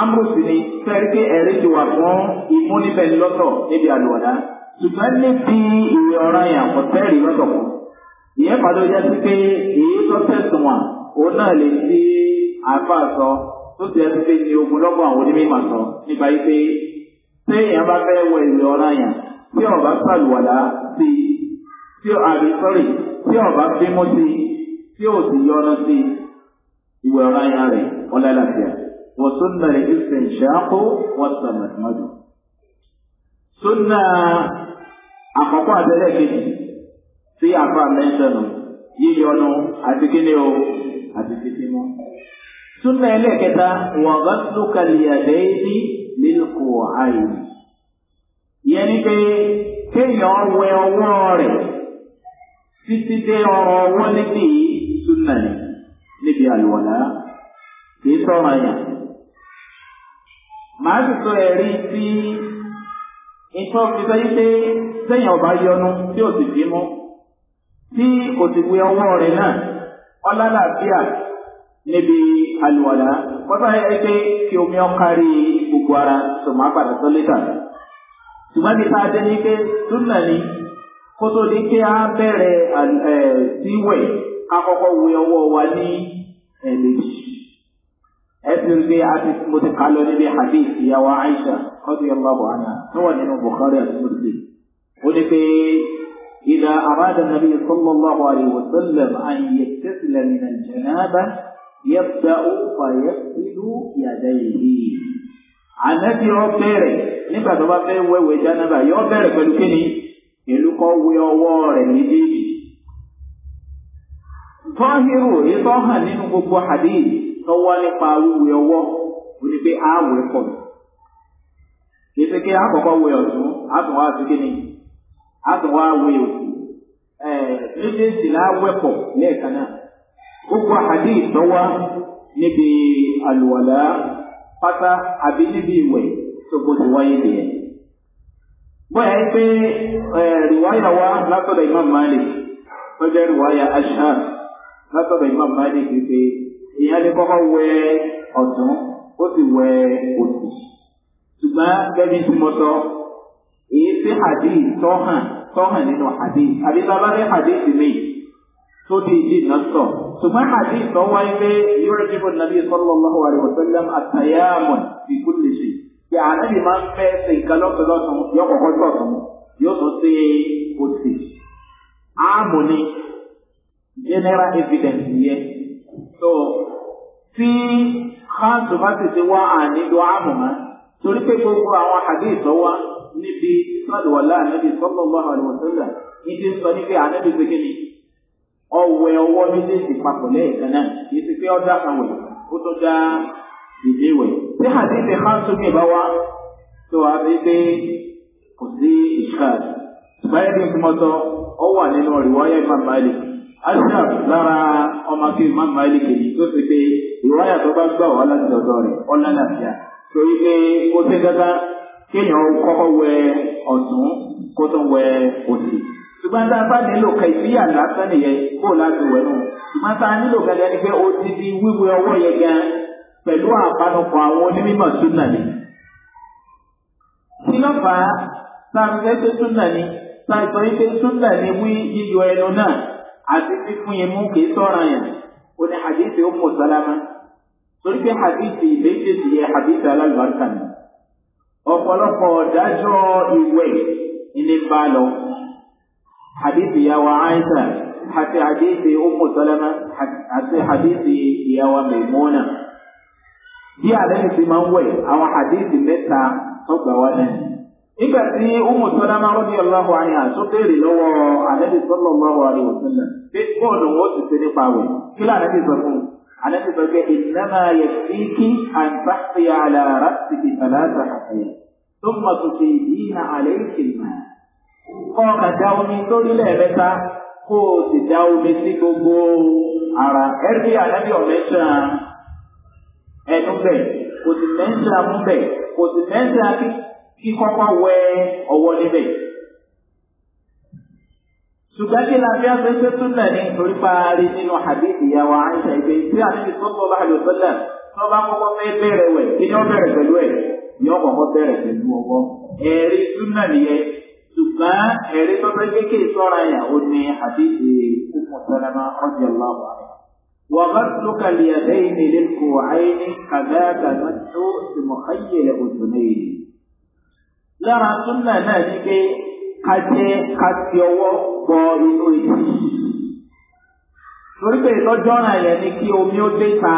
ambrose ni fẹ́ẹ́rẹ́kẹ́ ẹ̀rí ti wà fún ìmúnibẹ̀ni lọ́tọ̀ níbi àlùwàdá ṣùgbọ́n níbi ìwé ọ̀ràn yẹn kò tẹ́rì lọ́tọ̀ kan ìyẹn pàdé ọjà sí pé èyí tó tẹ̀sùn wà òun náà lè ti àáfàá sọ tó ti ẹsẹ̀ pé ní ogunlọ́gbọ̀n àwọn onímọ̀ sọ nípa yìí pé téèyàn bá fẹ́ wọ ìwé ọ̀ràn yẹn tí ọ̀bá sàlùwàdá sí tí àbí sọ́rì tí ọ̀bá fímú sí tí ò sì yọnu sí ìwẹ̀ ọ̀rá ya rẹ̀ ọ̀lá làbíà wọ́n súnà rẹ̀ ìsìn ṣáàkó wọ́n sàmà mọ́dù. súnà àkọ́kọ́ àbẹ̀rẹ̀ kejì tí àfa mẹ́sàn-án yíyọnu àti kíni o àti títí mọ́. súnà ẹlẹ́kẹta wọ́n bá tún kàlíyà lẹ́yìn nílùkù àyè. ìyẹn ni pé kéèyàn wẹ ọwọ́ rẹ̀ títí dé ọrọ̀ ọwọ́ nídìí súnà ni àlùwàlá kì í sọ̀rọ̀ àyàn. màá sì sọ ẹ̀rí tí ìtọ́ fi sọ yìí pé sẹ́yìn ọba yọnu tí ò sì fi mú tí kò sì wé ọwọ́ rẹ̀ náà ọlálàáfíà níbi àlùwàlá bọ́tà ẹ pé kí omi ọkárí gbogbo ara sọ̀mọ́ àpàdà sọ́lẹ́tà. ṣùgbọ́n bí ká dé ní pé túnà ni kótó ní pé á bẹ̀rẹ̀ ẹ̀ síwẹ̀ ká kọ́kọ́ ọwọ́ wa ní ẹ̀ẹ́dẹ́jì ẹ̀sìn pé a ti mo ti kà lọ níbi hadith ìyàwó Aisha radiyallahu anha tó wà nínú Bukhari àti Muslim ó ní pé إذا أراد النبي صلى الله عليه وسلم أن يغتسل من الجنابة يبدأ فيغسل يديه ànẹ́bí ọ bẹ̀rẹ̀ nígbà tó bá fẹ́ wẹ̀wẹ̀ jánábà yọ bẹ̀rẹ̀ pẹ̀lú kíni ìlú kọ́ wẹ ọwọ́ rẹ̀ méjèèjì tọ́hírù ètò hàn nínú gbogbo hadith tó wá nípa wíwẹ̀ ọwọ́ òní pé àwẹ̀ pọ̀ kì í ṣe pé àkọ́kọ́ wẹ̀ ọ̀tún àtúnwá àti kíni àtúnwá wẹ̀ òkú méjèèjì láwẹ̀ lẹ́ẹ̀kan náà gbogbo hadith tó níbi àlùwàlá pátá àbí níbi ìwẹ̀ tó gbọdọ̀ wáyé pé wa látọ̀dọ̀ Imam Malik tó látọ̀dọ̀ imam malik wípé ìyẹn lè kọ́kọ́ wẹ ọ̀tún ó sì wẹ òsì ṣùgbọ́n gẹ́gẹ́ tí mo sọ èyí sí hadith tọ́hàn tọ́hàn nínú hadith àbí tá a bá fẹ́ hadith mi tó ti di nọ́tọ̀ ṣùgbọ́n hadith tó wáyé pé yóò rí bó nàbí sallallahu alayhi wa sallam àtàyàmọ̀ fi kúlè ṣe kí ànábì máa ń fẹ́ ṣe nǹkan lọ́sọ̀lọ́sọ̀ yóò kọ́kọ́ tọ̀tún yóò tún ṣe òsì àmọ́ ni general evidence yẹn so tí káàtó bá tètè wá ànílò àmùmá torí pé gbogbo àwọn hadith tó wá níbi sọ́dọ̀ wà láàánú sallallahu alaihi wasallam ìdí sọ ní pé ànábì pé kíni ọwẹ́ ọwọ́ méjèèjì papọ̀ lẹ́ẹ̀kan náà kì í ti pé ọjà kan wẹ̀ ó tó dá ìdí wẹ̀ tí hadith káàtó mi bá wá tó a bí pé kò sí ìṣáàdì báyìí bí mo sọ ọ wà nínú rìwáyà ìmọ̀ báyìí ashraf lára ọmọ kí imam malik yìí tó fi pé ìwáyà tó bá gbà wá láti ọ̀dọ̀ rẹ̀ ọ̀nà làbíà torí pé kó sí gángan kéèyàn kọ́kọ́ wẹ ọ̀tún kó tó wẹ òsì ṣùgbọ́n tá a bá nílò ka ìbíyà lásán nìyẹn kó láti wẹ̀ nù ṣùgbọ́n tá a nílò ka ẹni pé ó ti di wíwẹ̀ ọwọ́ yẹn gan pẹ̀lú àpanupọ̀ àwọn onímọ̀ súnà ni. kí ló fà á tá a fẹ́ pé súnà ni tá a sọ pé súnà ni wí yíyọ ẹnu náà àti fífún yẹn mú kì í sọ̀ràn yẹn ó ní hadithi ó mú sálámà torí pé hadithi méjèèjì yẹ hadithi alálùbáríkà ni ọ̀pọ̀lọpọ̀ dájọ́ ìwẹ̀ ilé ń bá lọ hadithi yàwá aisha àti hadithi ó mú sálámà àti hadithi yàwá mẹ̀mọ́nà bí àlẹ́ ti máa ń wẹ̀ àwọn hadithi mẹ́ta tó gbà wá náà nígbà tí umu sọlá máa rọ́bì ọlọ́hu àní àtúntèrè lọ́wọ́ ànẹ́bí sọ́lọ́ ọlọ́hu àní òsínlẹ̀ pé bóòlù wọn ti ṣe nípa wẹ̀ kí ló ànẹ́bí sọ fún un ànẹ́bí sọ pé ìnáma yẹ sí kí àǹtàṣe àlàrà ti fi tàlàtà àṣeyẹ tó mọ̀ tó ṣe ìdíyìnà àlẹ́ ìkìlmà kọ́ ọ̀kà da omi lórí lẹ́ẹ̀mẹ́ta kó o sì da omi sí gbogbo ara ẹ̀rí ànẹ́bí ọ̀mẹ́sàn kíkọ́kọ́ wẹ ọwọ́ níbẹ̀. ṣùgbọ́n kí la fi ọ̀sẹ̀ ṣe tún náà ní torí parí nínú hadith ìyàwó àìsàn ìgbé tí àti sọ́kọ̀ bá lò sọ́lá tó bá kọ́kọ́ fẹ́ bẹ̀rẹ̀ wẹ̀ kí ni ó bẹ̀rẹ̀ pẹ̀lú ẹ̀ ni ó kọ́kọ́ bẹ̀rẹ̀ pẹ̀lú ọwọ́. ẹ̀rí tún náà nìyẹn ṣùgbọ́n ẹ̀rí tó fẹ́ gbé sọ́ra yà ó ní hadith Ummu Salama radiyallahu anha. وغسلك lára súnà náà ni pé ká jẹ́ ká ti ọwọ́ gbọ́ inú etí. torí pé ìtọ́jú ọ̀ràn yẹn ni kí omi ó dé ta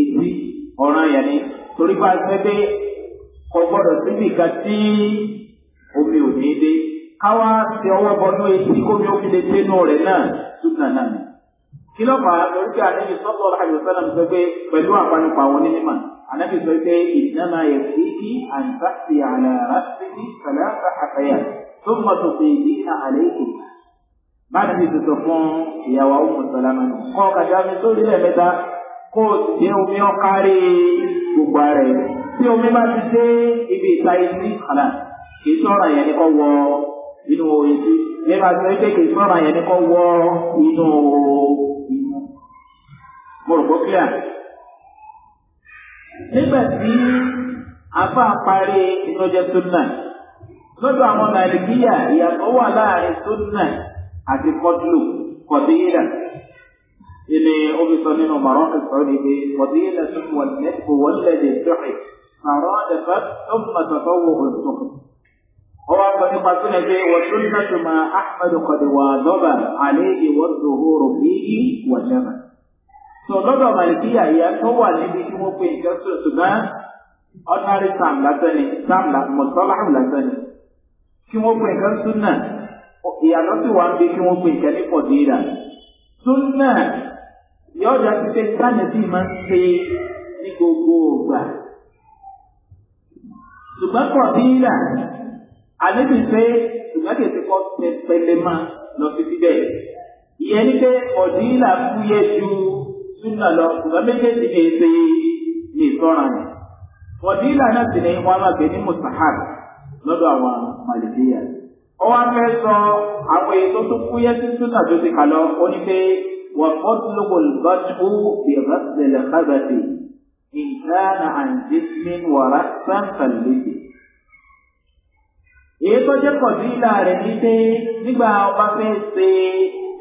etí ọ̀ràn yẹn ni torí bá a fẹ́ dé kọ gbọ́dọ̀ síbi kan tí omi ò ní dé. káwá ti ọwọ́ bọnú etí kómi ó fi lè dénú rẹ̀ náà súnà náà ni. kí ló fà á lórí pé àlejò sọ́kọ̀ọ́ àyọ̀sọ́nà sọ pé pẹ̀lú àpanupọ̀ àwọn onímọ̀ ànábì sọ pé ìnáma yẹ sí kí àǹtàkì àlàrà sí kí sọlá bá àfẹyà tó mọ tó fi ìdí náà àlẹ́ ìkù. báyìí nàbì ti sọ fún ìyàwó ọmọ sọlá mọ nù. kọ́ kàdá mi tó rí lẹ́ẹ̀mẹ́ta kó dé omi ọ̀kárí gbogbo ara tí omi bá ti dé ibi ìta etí kàlà kì í sọ̀rọ̀ yẹn ní kọ́ wọ inú etí. nígbà tó ń kì í sọ̀rọ̀ yẹn ní kọ́ wọ inú imú. mo rò nígbà tí afa parí ìtọ́jẹ́ sunna lọ́dọ̀ àwọn nàìjíríà ìyàtọ̀ wà láàrin sunna àti kọ́tùlù kọ̀díyìlà ilé omi sọ nínú màrán ìsọ ni pé kọ̀díyìlà tún wà lẹ́kọ̀ọ́ wọ́n lẹ́dẹ̀ dọ́ọ̀ẹ́ màrán ẹ̀fọ́ tó mọ̀ tọ́tọ́ wọ òṣùwọ̀n. ọwọ́ àgbà nípa sunna pé wọ́n sunna tó máa ahmed kọ̀díwà dọ́bà àlẹ́ ìwọ́n zòhóró bíi wà lẹ́mà sọ lọ́dọ̀ màlìkíyà ìyá tó wà níbi tí wọ́n pe nǹkan sọ ṣùgbọ́n ordinary sam lásán ni sam mọ̀tọ́láhùn lásán ni kí wọ́n pe nǹkan súnà ìyàtọ̀ sì wà ń bí kí wọ́n pe nǹkan ní fọ̀díìlà súnà yọ̀ọ́dà ti pé sáyẹn sì máa ń ṣe ní gbogbo ògbà ṣùgbọ́n fọ̀díìlà àlébi pé ṣùgbọ́n kìí ti kọ́ pẹlẹmà lọ sí síbẹ̀ ìyẹn ní pé fọ̀díìlà fúyẹ́ ju súnà lọ ṣùgbọ́n méjèèjì ní ṣe lè sọ́ra rẹ̀. fọ̀dílà náà sì ni wọ́n máa gbé ní mùsàhàb lọ́dọ̀ àwọn màlìdíyà. ó wá fẹ́ sọ àwọn ètò tó kúyẹ́ sí súnà tó ti kà lọ ó ní pé wọ́n fọ́dúnlógò lọ́jú ìrọ́sẹ̀lẹ̀ kábàtì ìdáná àǹjísmin wàrà sáǹtàlẹ́sì. èyí tó jẹ́ fọ̀dílà rẹ̀ ní pé nígbà ọba fẹ́ ṣe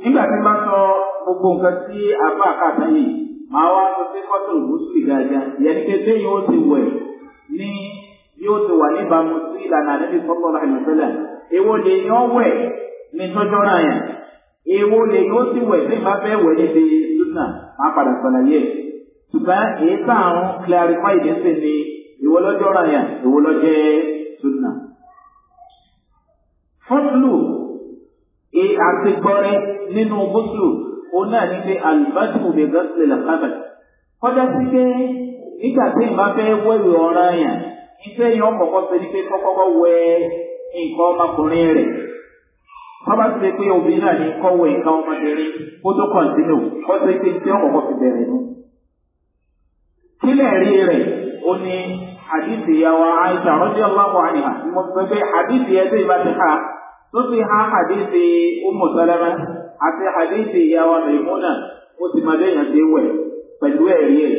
nígbà tí wọ́n sọ gbogbo nǹkan tí àbá àkàtà yìí máa wá sọ pé kọ́tùn gúúsù dáadáa ìyẹn ní kété yóò ti wẹ̀ ní yóò ti wà níbàámu sí ìlànà àdébí sọ́kọ̀ àlùfẹ́lẹ̀ èwo lè yọ wẹ̀ ní tọ́jọ́ náà yẹn èwo lè yọ sí wẹ̀ ní ìbá fẹ́ wẹ̀ níbi lùnà máa padà sọ̀làyé ṣùgbọ́n èyí táwọn clarify yẹn sì ni èwo lọ́jọ́ náà yẹn èwo lọ́jẹ́ lùnà. fọ́tulù àti gbọ́rẹ́ nínú mùsùlùmí òun náà ní pé àlùbáṣù bẹ gọ́sìlẹ̀ làkàbà kọjá sí pé nígbà tí ìbá fẹ́ wẹ̀rù ọ̀ràn yàn iṣẹ́ yẹn ọkọ̀ọ̀kọ́ ṣe ni pé kọ́kọ́kọ́ wẹ nǹkan ọmọkùnrin rẹ̀ tọ́ba ti pé obìnrin náà ní kọ́ wẹ nǹkan ọmọbìnrin kó tó kọ̀ǹtínú kọ́ ṣe pé iṣẹ́ ọkọ̀ọ̀kọ́ ti bẹ̀rẹ̀ nù. kílẹ̀ rí rẹ̀ ó ní hadithi ya wa aisha radiyallahu anha mo sọ pé hadithi yẹn tó ìbá ti ha tó ti ha hadithi ummu salama àti àdéhìí ìyá wa mẹ̀múnà ó ti máa déyàn dé wẹ̀ pẹ̀lú ẹ̀rí ẹ̀.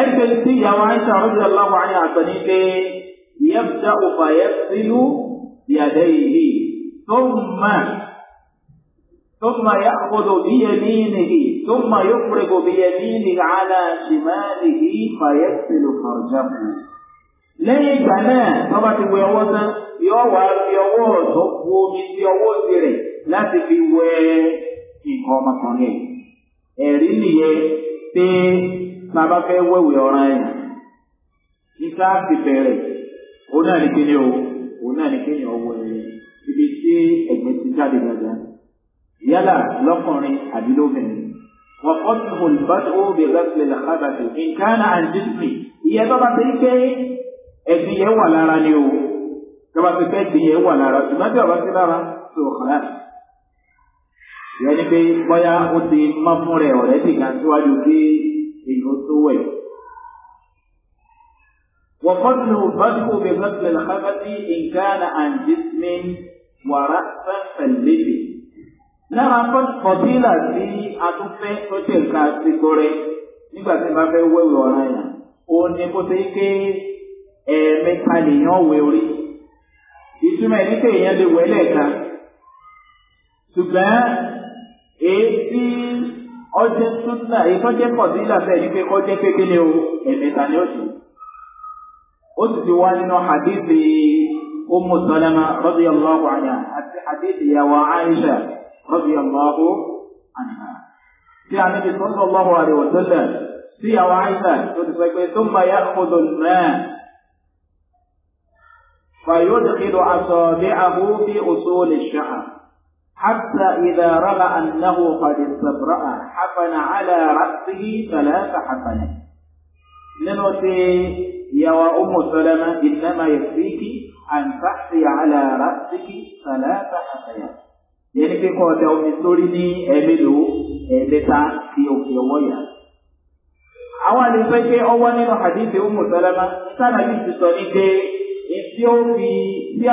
ẹgbẹ́ tí ìyàwó aisha rọ́jò aláwọ̀ ayé àtọ̀ ní pé yẹ́bùdá òfà yẹ́ sílú ìyàdẹ́ ìlú tó mà tó mà yá àkọ́dọ̀ bí yẹ ní nìyí tó mà yóò kúrẹ́ kó bí yẹ ní nìyí àlà ṣìmá nìyí fà yẹ́ sílú kọ̀ọ̀jà. lẹ́yìn ìgbà náà tọ́ba ti wẹ ọwọ́ tán yóò wá fi ọwọ́ ọ̀tún bu omi sí ọwọ́ òsì rẹ̀ láti fi wẹ nǹkan ọmọkùnrin ẹ̀. ẹ̀rí nìyẹn pé bàbá fẹ́ wẹ̀wẹ̀ ọ̀ràn ẹ̀ níta ti bẹ̀rẹ̀ òun náà ní kíni o òun náà ní kíni ọwọ́ ẹ̀ ibi tí ẹ̀gbẹ́ ti jáde gbàgbà yálà lọ́kùnrin àbí lóbìnrin. وقصه البدء بغسل الخبث إن كان عن جسمي هي بابا تلك ẹ̀sìn yẹn wà lára ni o tọ́ba ti fẹ́ gbé yẹn wà lára ṣùgbọ́n tí ọba ti lára tó kàlá. ìyẹn ni pé bóyá ó ti mọ́ fún rẹ̀ ọ̀rẹ́ ti kàn síwájú kí èèyàn tó wẹ̀. wọ́n fọ́tún bọ́dúkú bí fọ́tún lọ́kàkà sí nǹkan àǹjísmí wàrà sẹ́ńtẹ̀lẹ́bì. lára fọ́tílà sí atúfẹ́ tó jẹ́ nǹkan àsìkò rẹ̀ nígbà tí wọ́n fẹ́ wẹ̀wẹ̀ ọ̀ràn yẹn. òun ni kó ṣe é ké ẹ̀ẹ̀mẹ́ta lèèyàn wẹ̀ orí ìtumọ̀ ẹni pé èèyàn lè wẹ̀ lẹ́ẹ̀kan ṣùgbọ́n èyí tí ọjẹ́ súnà èyí tó jẹ́ kọ̀dílà bẹ́ẹ̀ ni pé kọ́jẹ́ kékeré o ẹ̀mẹ́ta ni ó sì ó sì ti wá nínú hadithi umu salama radiyallahu anha àti hadithi yawa aisha radiyallahu anha tí a níbi sallallahu alaihi wa sallam tí yawa aisha tó ti sọ pé tó máa yá kó lónìí náà. فيدخل أصابعه في أصول الشعر حتى إذا رأى أنه قد استبرأ حفن على رأسه ثلاث حفنات لنوتي يا أم سلمة إنما يكفيك أن تحفي على رأسك ثلاث حفنات يعني في kọ́ أم سلمي أملو ní في أوكيويا ti في أول حديث أم سلمة سنة في nínú tí ó fi tí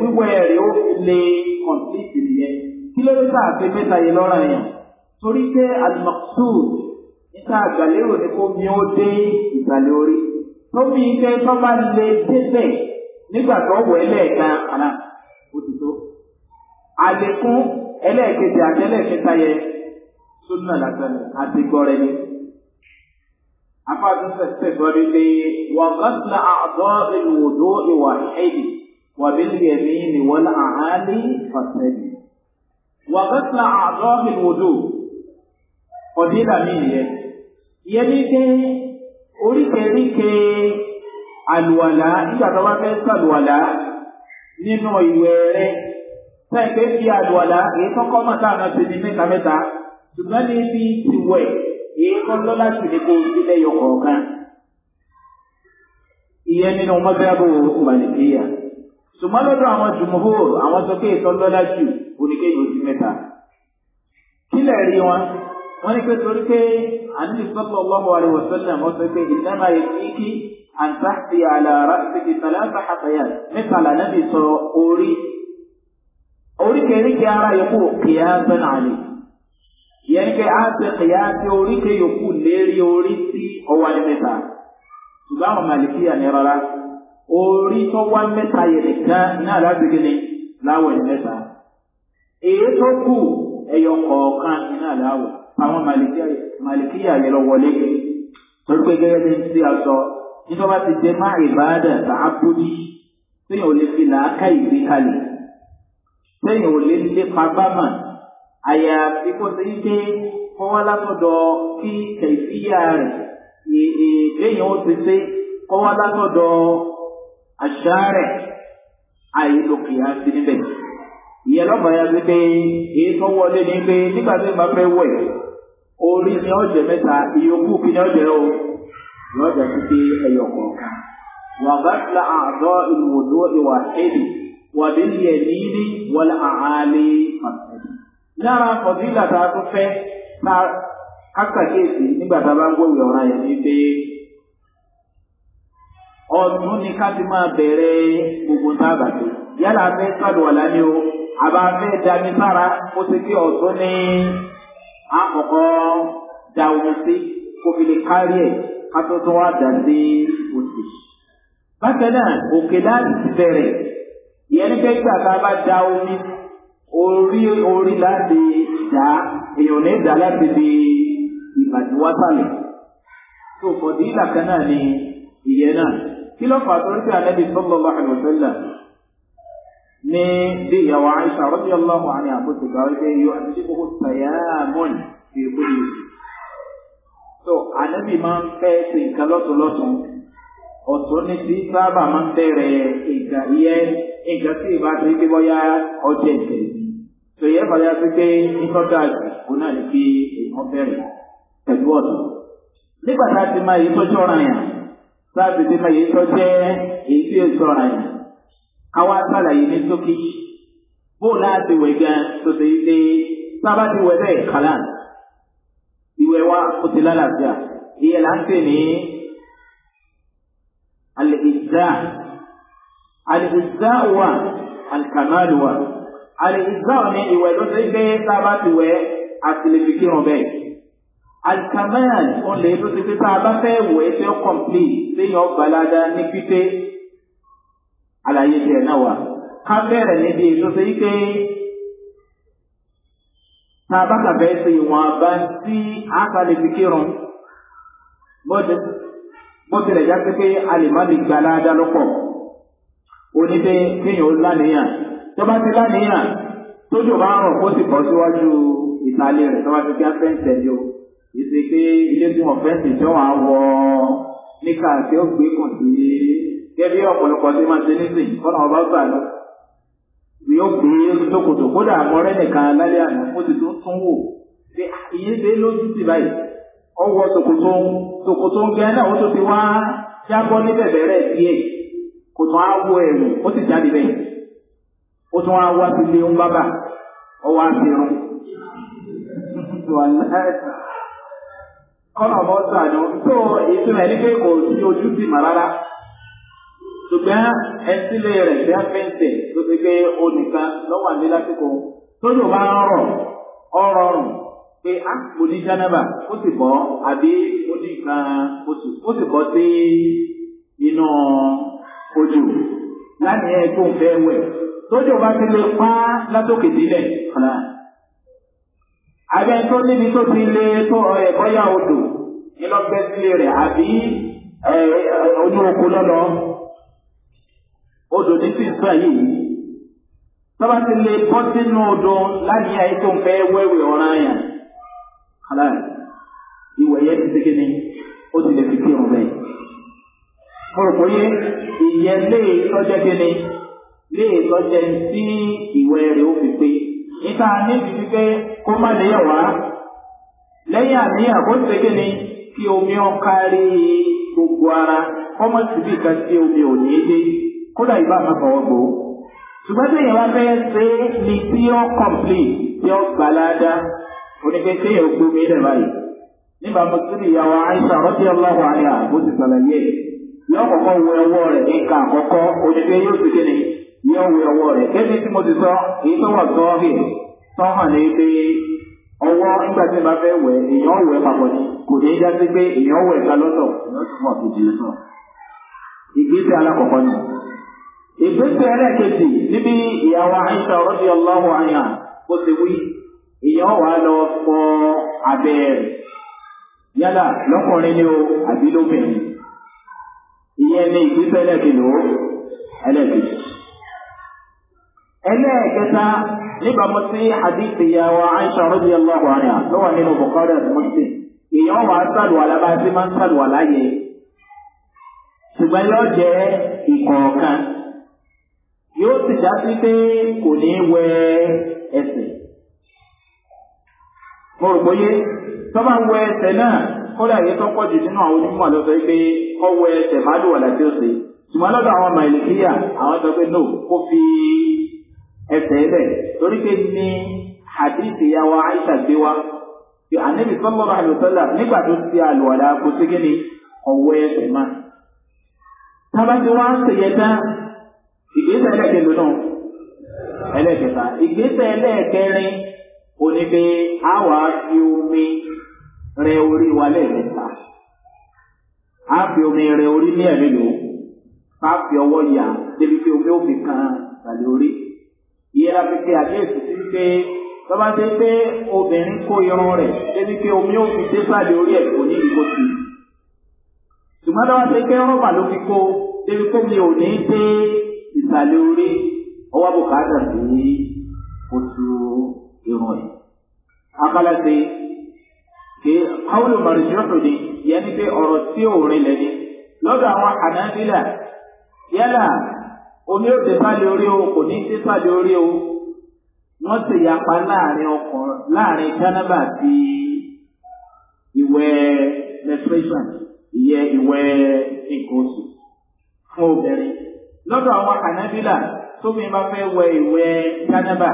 wíwẹ̀ rẹ̀ ó fi lè kọ̀ǹtìtì nìyẹn kí ló dé tá a fi mẹ́ta yìí lọ́rọ̀ yẹn torí pé alimaksud níta àgbàlérò ni kó mi ó dé ìgbàlẹ̀ orí tó fi ike tó bá lè débẹ̀ nígbà tó wọ̀ ẹlẹ́ẹ̀kan àná òtítọ́ àlékún ẹlẹ́ẹ̀kejì àti ẹlẹ́ẹ̀kẹta yẹ sódùnà làgbàlẹ̀ àti gbọ́rẹ́ ni. أفعل تستكبرتي وقتل أعضاء الوضوء واحد وباليمين والأعالي فاسد وقتل أعضاء الوضوء قدير مين يليك أريك ليك الولاء إذا توقفت الولاء nínú ìwẹ̀ rẹ̀ sẹ́ẹ̀kẹ́ fi àlùwàlà èyí tó kọ́ mọ́ta àná ti ní mẹ́ta mẹ́ta ṣùgbọ́n níbi ìwẹ̀ èyí kọ́ lọ́la sì ní kó o sí lẹ́yọ kọ̀ọ̀kan ìyẹn nínú mọ́tẹ́rù màlìkéyà ṣùgbọ́n lọ́dọ̀ àwọn jùmọ̀hó àwọn sọ pé ìtọ́lọ́lá jù oníkéyìn oṣù mẹ́ta kílẹ̀ rí wọn wọ́n ní pé torí pé àníbi sọ́tọ̀ ọlọ́mọ àrẹ wọ̀sọ́lẹ̀ wọ́n sọ pé ìdáná ìfíkì àǹtàkì àlàárá ìfìkì tàlàǹtà àtàyà mẹ́ta lànà bí sọ orí oríkèéríkèé ara yẹn kò kìí àtẹ̀kẹ̀ yá tí oríkè yòókù lérí orí tí ọwọ́ ní mẹ́ta ṣùgbọ́n àwọn màlìkíyà ní rárá orí tó wá mẹ́ta yẹn nìkan ní àlábìgì ni láwọ̀ ní mẹ́ta èyí tó kù ẹyọ kọ̀ọ̀kan ní àláwọ̀ àwọn màlìkíyà yẹn lọ wọlé torí pé gẹ́gẹ́ bí ti àṣọ nítorí ti dé má ìbáàdà tààbùdí téèyàn ò lè fi làákà ìgbé kalẹ̀ téèyàn ò lè lépa bámà àyàfi kó ti ń wọ́n wá látọ̀dọ̀ kí kẹ̀fíyà rẹ̀ èèyàn ó ti ṣe wọ́n wá látọ̀dọ̀ àṣà rẹ̀ àìlòkìyà sí níbẹ̀. ìyẹn lọ́mọ ya sí pé èyí tó wọlé ní pé nígbà tí màá fẹ́ wẹ̀ orí ni ọ̀jẹ̀ mẹ́ta ìyókù kí ni ọ̀jẹ̀ o lọ́jà sí pé ẹyọ kọ̀ọ̀kan. وغسل أعضاء الوضوء واحد وباليمين والأعالي فاسد. نرى فضيلة فيه Na kákàkéèsì nígbà tá a bá ń gbọ́ ìwé yẹn ní pé ọ̀dùn ni ká ti máa bẹ̀rẹ̀ gbogbo tá a bà tó yálà fẹ́ sàdùwàlá ni o àbá fẹ́ dami sára ó ti fi ọ̀dùn ní àkọ́kọ́ da omi sí kó fi lè kárí ẹ̀ ká tó tún wá dà sí òsì. bákan náà òkè láti bẹ̀rẹ̀ ìyẹn ní pé gbà bá da omi orí orí láti dà á èèyàn ní ìdá láti di ìbàdí wásàlẹ̀ tó fọ̀dí ìlàkà náà ni ìyẹn náà kí ló fà tó ń tẹ ànábì sallallahu alaihi wasallam ní bí ìyàwó Aisha radiyallahu anha àbótò gbà wípé yóò àti ṣe kókó sàyàmọ́n fi èkó yìí. tó ànábì máa ń fẹ́ ṣe nǹkan lọ́tọ̀lọ́tọ̀ ọ̀tún ní ti sábà máa ń bẹ̀rẹ̀ ìgbà yẹ ìgbà tí ìbá ti gbé bọ́yá ọjọ́ ìṣẹ̀lẹ̀ tó yẹ fàlẹ́ àti pé nǹkan dáa jù òun náà ní kí èèyàn bẹ̀rẹ̀ pẹ̀lú ọ̀dọ̀. nígbà tá a ti máa yí tọ́jú ọ̀ràn yẹn tá a sì ti máa yí tọ́jú èyí tí èso ọ̀ràn yẹn káwá sàlàyé ní sókè bóun náà ti wẹ̀ gan tó ti lé sábà ti wẹ̀ bẹ́ẹ̀ kálá ìwẹ̀ wa ó ti lálàáfíà ìyẹn là ń pè ní alẹ́ ìdá wà alẹ́ wà alẹ́ ìdá ìwẹ̀ ló ti gbé sábà ti wẹ̀ àti lè fi kírun bẹ́ẹ̀. alikamal òun lè tó ti fi tá a bá fẹ́ wọ ẹsẹ̀ complete léyìn ọgbàládá ní pípé àlàyé tiẹ̀ náà wà. ká bẹ̀rẹ̀ níbi ètò ṣe pé tá a bá kàfẹ́ ṣe ìwọ̀n àbá tí a kà lè fi kírun pé a lè má onídé kéèyàn ó láníyàn tó ti láníyàn tójú bá rọ̀ kó sì bọ́ síwájú ìtàlẹ̀ rẹ̀ tọ́wọ́ ti gbá fẹ́ǹsì ẹ̀dí o ìṣe pé ilé tí wọ́n fẹ́ǹsì tí wọ́n á wọ níka tí ó gbé kàn sí gẹ́gẹ́ ọ̀pọ̀lọpọ̀ tí máa ṣe nísìnyí kọ́nà ọba gbà lọ. ni ó gbé lókòtò kódà àmọ́rẹ́ nìkan lálẹ́ àná ó ti tún tún wò pé ah, iye ṣe lójú sí báyìí ọwọ́ tòkòtò tòkòtò ń gẹ́ náà ó tó ti wá jábọ́ níbẹ̀ bẹ̀rẹ̀ díẹ̀ kò tún á wọ ẹ̀rù ó sì jáde bẹ́ẹ̀ ó tún á wá sí ilé ń bábà ọwọ́ á fi rún wàláhì kọ́nà bọ́ sàdó tó ìtumọ̀ ẹni pé kò sí ojú ti mà rárá ṣùgbọ́n ẹtílé rẹ̀ bí apẹ́ǹtẹ̀ tó ti pé onìkan lọ́wọ́ àdé lásìkò tó lò bá ń rọ̀ ọ̀rọ̀ rùn pé á kò ní jánábà ó sì bọ́ àbí ó ní kan oṣù ó sì bọ́ sí inú ojú láti ẹ̀ tó ń fẹ́ wẹ̀ tó bá ti lè pa látòkè sílẹ̀ kọ́nà abẹ́ tó níbi tó ti lé tó ẹ̀ bọ́yá odò ìlọ́gbẹ́ sílé rẹ̀ àbí ojú oko lọ́lọ́ odò ní sísá yìí tọ́ba ti lè bọ́ sínú odò láti ayé tó ń fẹ́ wẹ́wẹ́ ọ̀ràn yẹn kálá ìwẹ̀ yẹn ti segin ni ó ti lè fi kí òun bẹ́ẹ̀. mo rò pé ìyẹn lè tọ́jẹ́ kí ni lè tọ́jẹ́ sí ìwẹ̀ rẹ̀ ó fi pé. tá a níbi wípé kó má léyàn wá lẹ́yìn àníyàn kó kí ni kí omi ọ̀ka rí gbogbo ara kọ́mọ síbi kan tí omi ò ní dé kódà ìbá máa fọwọ́ gbò ṣùgbọ́n tí èèyàn bá fẹ́ ṣe é ni tí ó complete tí ó gbà ládàá oníkẹ́ èèyàn báyìí. nígbà mo ti rí ìyàwó ọlọ́wọ́ ti rẹ̀ àkọ́kọ́ oníkẹ́ yóò ti yóò tọ́hàn ní pé ọwọ́ nígbà tí ìbá fẹ́ wẹ̀ èèyàn wẹ̀ papọ̀ ni kò ní í já sí pé èèyàn wẹ̀ ká lọ́tọ̀ lọ́tùmọ̀ kejì lọ́tọ̀. ìgbésẹ̀ alákọ̀ọ́kọ́ ni. ìgbésẹ̀ ẹlẹ́ẹ̀kejì níbi ìyàwó àìsà ọ̀rọ̀dì ọlọ́wọ́ àyà ti wí èèyàn wà lọ fọ abẹ́ rẹ̀ yálà lọ́kùnrin ni o àbí lóbìnrin. ìyẹn ìgbésẹ̀ ẹlẹ́ẹ̀kejì ẹlẹ́ẹ̀kejì. ẹlẹ́ẹ̀kẹta níbàámu sí hadith ìyàwó aisha radiyallahu anha ló wà nínú bukhari àti muslim èèyàn wà sàlùwàlà bá a ti máa ń sàlùwàlà yẹ ṣùgbọ́n yóò jẹ́ ìkọ̀ọ̀kan yóò sì já sí pé kò ní wẹ ẹsẹ̀ mo rò bóyé tó bá wẹ ẹsẹ̀ náà kódà yìí tó pọ̀ jù nínú àwọn onímọ̀ ló pé kọ́ wẹ ẹsẹ̀ má lù wà láti ọ̀sẹ̀ ṣùgbọ́n lọ́dọ̀ àwọn màìlìkíyà àwọn sọ pé no kó fi ẹsẹ̀ ilẹ̀ torí pé ní hadith Ya wa Aisha gbé wa pé ànábì sallallahu alaihi wasallam nígbà tó ti àlùwàlà kò sí kí ni ọwọ́ ẹsẹ̀ máa. tábàtí wọ́n á ń ṣèyẹ tán ìgbésẹ̀ ẹlẹ́kẹ̀ẹ́ lónà ẹlẹ́kẹ̀ta ìgbésẹ̀ ẹlẹ́kẹrin òní pé a wà fi omi rẹ orí wa lẹ́ẹ̀mẹ́ta a fi omi rẹ orí ní ẹ̀mí lò ó fi ọwọ́ yà débi pé omi ò fi kan tàlẹ́ orí ìyẹn la fi pe àkíyèsí sí pé tọ́ba ṣe pé obìnrin kó irun rẹ̀ débi pé omi ò fi dé sàlẹ̀ orí ẹ̀ kò ní ìkó sí i. ṣùgbọ́n tọ́ba ṣe pé rọ́bà ló fi kó débi pé mi ò ní dé ìsàlẹ̀ orí ọwọ́ bùkátà sí oṣù irun ẹ̀. akálàṣe kí káwọlù mọ̀rìndínlọ́dún ni yẹn pé ọ̀rọ̀ tí ò rinlẹ̀ ni lọ́dọ̀ àwọn ànábìlà yálà omi ò débàlẹ̀ orí o kò ní débàlẹ̀ orí o wọ́n ti yapa láàrin ọkùnrin láàrin kánábà àti ìwẹ̀ menstruation ìyẹn ìwẹ̀ nǹkan oṣù fún obìnrin lọ́dọ̀ àwọn kànáfìlà tómi bá fẹ́ wẹ ìwẹ̀ kánábà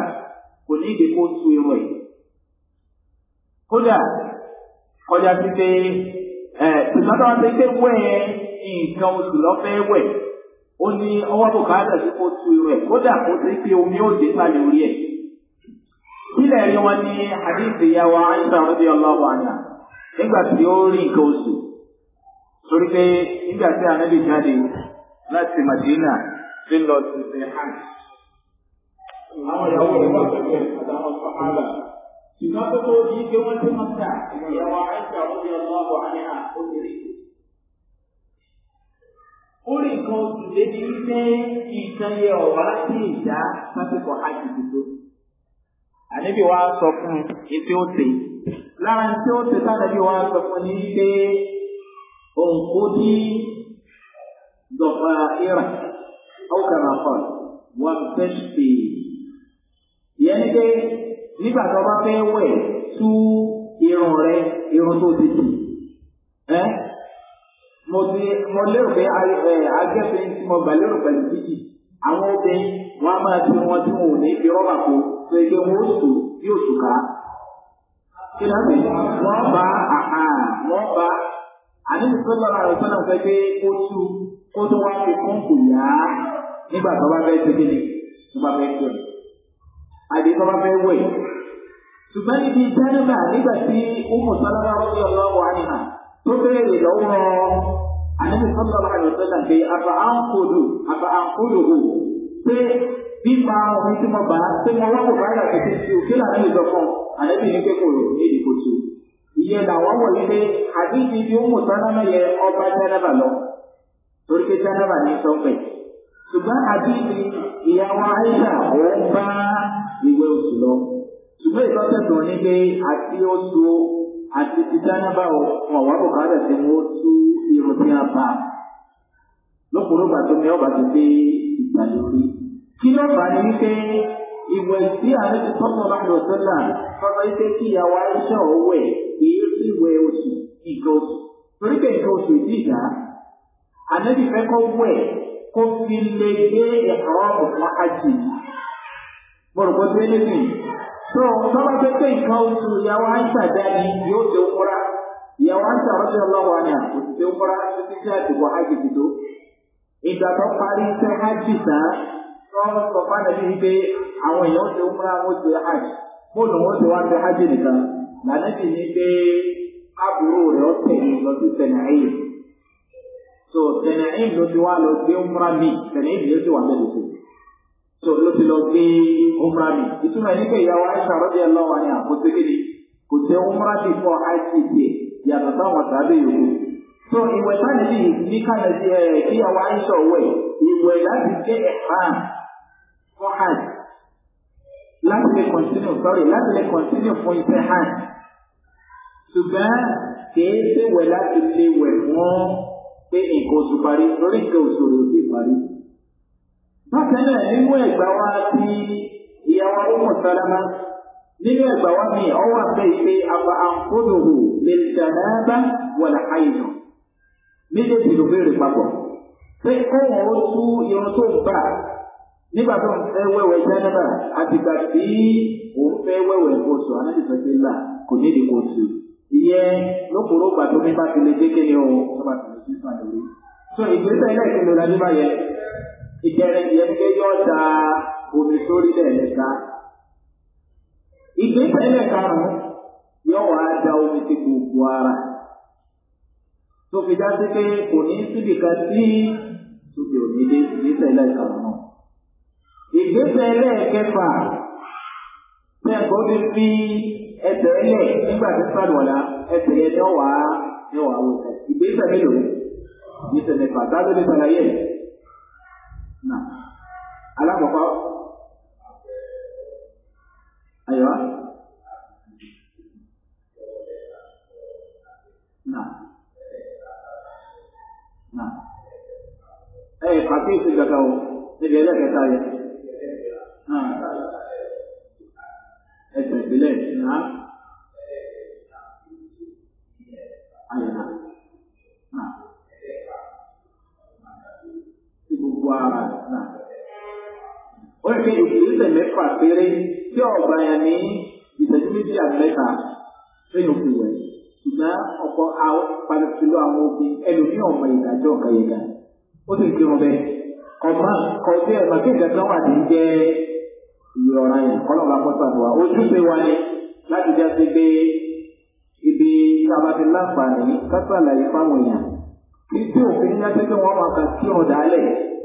kò ní ìdí kó tu irun ẹ̀ kódà kọjá sí pé ẹ̀ ìsọdọ̀ wọn ti pé wẹ̀ nǹkan oṣù lọ́fẹ́ wẹ̀. ó ní ọwọ́ kò ká dàbí kó tu irú ẹ̀ kódà kó sí pé omi ó dé balẹ̀ orí ẹ̀. sílẹ̀ rí wọn ní àdéhùn ìyàwó àìsàn ọ̀rọ̀dé ọlọ́wọ́ àná nígbà tí ó rí nǹkan oṣù torí pé nígbà tí jáde láti Madina ti lọ sí ṣe hàn. àwọn ìyàwó rẹ̀ tó wọ́n ti ó rí nǹkan oṣù débi wípé nǹkan yẹ ọ̀wá sí ìjà lásìkò hajj tó. àníbi wa sọ fún ife ó tè lára ní tí ó tè sádàbí wa sọ fún ní pé òǹkó ní dọ̀fà ìrà ọ̀kàrà pọ̀ wọ́n fẹ́ ṣe. ìyẹn ni pé nígbà tó bá fẹ́ wẹ̀ tú irun rẹ irun tó ti tì mo ti mo lérò pé agẹ́fẹ́ tí mo gbà lérò pẹ̀lú títì àwọn obìnrin wọn a máa ti wọn tí wọn ò ní fi rọ́bà kó tó ẹgbẹ́ wọn ó sùn yóò sùn ká. kí ló dé wọ́n bá wọ́n bá àdéhùn tó lọ́ra rẹ̀ sọ́nà fẹ́ pé ó tú kó tó wá fi kún kù yá nígbà tó bá fẹ́ ṣe kéde tó fẹ́ tó ẹ̀. tó bá fẹ́ wẹ̀ ṣùgbọ́n ibi jẹ́nẹ́bà nígbà tí ó mọ̀ sọ́lá tó béèrè lọ́wọ́ ànábì sọ́dọ̀ bá yóò sọ́dọ̀ pé àbá à ń kodò àbá à ń kodò o pé bí máa ohun tí mo bá pé mo wọ́pọ̀ bá yàtọ̀ sí ti òkè lànà ìdọ̀kan ànábì ní kékòó ní ìdìbò tó ìyẹn làwọn wọ̀ wípé àdéhùn ibi ó mú sánámà yẹ ọba jẹ́nẹ́bà lọ torí pé jẹ́nẹ́bà ní sọ́pẹ̀ ṣùgbọ́n àdéhùn ìyàwó àyíṣà òun bá ìwé oṣù lọ ṣùgbọ́n ìtọ́sẹ̀tàn àti ìdánábà wọn wà bùkátà tí wọn tú irun tí a bá lọkùnrin ìgbà tó ní ọba ti dé ìgbà lórí. kí ló bá ní wípé ìwẹ̀ tí ààrẹ ti tọ́jú ọba àdó sọ́là tọ́jú wípé kí ìyàwó aṣọ ọwẹ́ kì í sí ìwẹ̀ oṣù nǹkan oṣù torí pé nǹkan oṣù ìdí ìdá ànábì fẹ́ kọ́ wẹ̀ kó fi lè gbé ẹ̀rọ ọ̀pọ̀ ajì. mo rò pé tí wọ́n lè so tọ́lá pé pé nǹkan oṣù ìyàwó àìsà jáde yóò ṣe òkúra ìyàwó àìsà rọ́ṣẹ́ ọlọ́wọ́ ni àti ṣe òkúra títí tí àdìbò àjèjì tó ìgbà tó parí iṣẹ́ hajj tán tó ń sọ fún àdàbí wípé àwọn èèyàn ṣe òkúra wọn ṣe hajj fóònù wọn ṣe wá ṣe hajj nìkan lànàbì ní pé àbúrò rẹ̀ ọ̀tẹ̀ ní lọ sí sẹ̀nàìyìn so sẹ̀nàìyìn ló ti wá lọ gbé òkúra mi sẹ̀nàìyìn ló ti wà lẹ́yìn tó ló ti lọ gbé umra mi ìtumọ̀ ẹni pé ìyàwó aisha rọ́bì ẹlọ́wà ni àkóso kéde kò tẹ umra mi fọ àìsí tiẹ̀ yàtọ̀ táwọn sábẹ́ yòókù. tó ìwẹ̀ táyà ní ní kálẹ̀ sí ẹ̀ ìyàwó aisha wẹ̀ ìwẹ̀ láti gbé ẹ̀hán fún hajj láti lè kọ̀ntínú sọ́rí láti lè kọ̀ntínú fún iṣẹ́ hajj ṣùgbọ́n kìí ṣe wẹ̀ láti lè wẹ̀ fún pé nǹkan oṣù parí lórí nǹkan oṣù rẹ̀ ò parí bákan náà nínú ẹ̀gbà wa ti ìyàwó ọmọ sálámà nínú ẹ̀gbà wa mi ọwọ́ àfẹ́ ìpè àbá àǹkóòdòwò lè dàdáàbá wọ̀lá àyìnà méjèèjì ló béèrè papọ̀ pé kóhùn ó tú irun tó ń bà nígbà tó ń fẹ́ wẹ̀wẹ̀ jẹ́nẹ́bà àtìgbà tí òun fẹ́ wẹ̀wẹ̀ oṣù anájìfẹ́sẹ̀ là kò ní ìdíkò oṣù ìyẹn lókòrò gbàdúmí bá ti lè dé kéde ohun tó bá ti lè sí ìpàdé ìgbésẹ̀ ilé ìpínlẹ̀ ìbẹ̀rẹ̀ yẹn pé yóò da omi sórí lẹ́ẹ̀mẹ́ta. Ìgbésẹ̀ lẹ́ẹ̀karùn-ún yóò wá da omi sí gbogbo ara. Tó fi já sí pé kò ní síbi kan tí tóbi ò ní dé ìgbésẹ̀ lẹ́ẹ̀karùn-ún. Ìgbésẹ̀ lẹ́ẹ̀kẹfà tẹ̀kọ́ ti fi ẹsẹ̀ lẹ̀ nígbà tí sàlùwàlà ẹsẹ̀ yẹn yóò wá yóò wá wọ̀. Ìgbésẹ̀ mélòó? Ìgbésẹ̀ mẹ́fà tábìlì sàlàyé alákọ̀ọ́kọ́ ayọ̀ ẹ̀ àti ìsìnkàkà ò níbi ẹlẹ́kẹta yẹ ẹsẹ̀ ìpínlẹ̀ náà ayọ̀ náà. gbogbo ara náà. ó ní pé ìgbésẹ̀ mẹ́fà péré tí ọ̀gbà yẹn ní ìṣẹ́jú méjì àmẹ́ta lẹ́yìn òkú rẹ̀ ṣùgbọ́n ọ̀pọ̀ pàtàkìlú àwọn òbí ẹlòmíràn ọmọ ìdájọ́ kàyẹ̀dá ó sì kírun bẹ́ẹ̀ ọmọ kọ̀ọ̀tì ẹ̀rọ tí ìgbà kan wà ní jẹ́ ìrọ̀rùn ayẹ̀ kọ́lọ̀ bá pọ́sà tó wa ojúṣe wa ni láti jẹ́ sí pé ibi tabati láǹfààní kásàlàyé fáwọn èèyàn kí tí òfin ní ajẹ́ pé wọ́n máa kà sí ọ̀dà alẹ́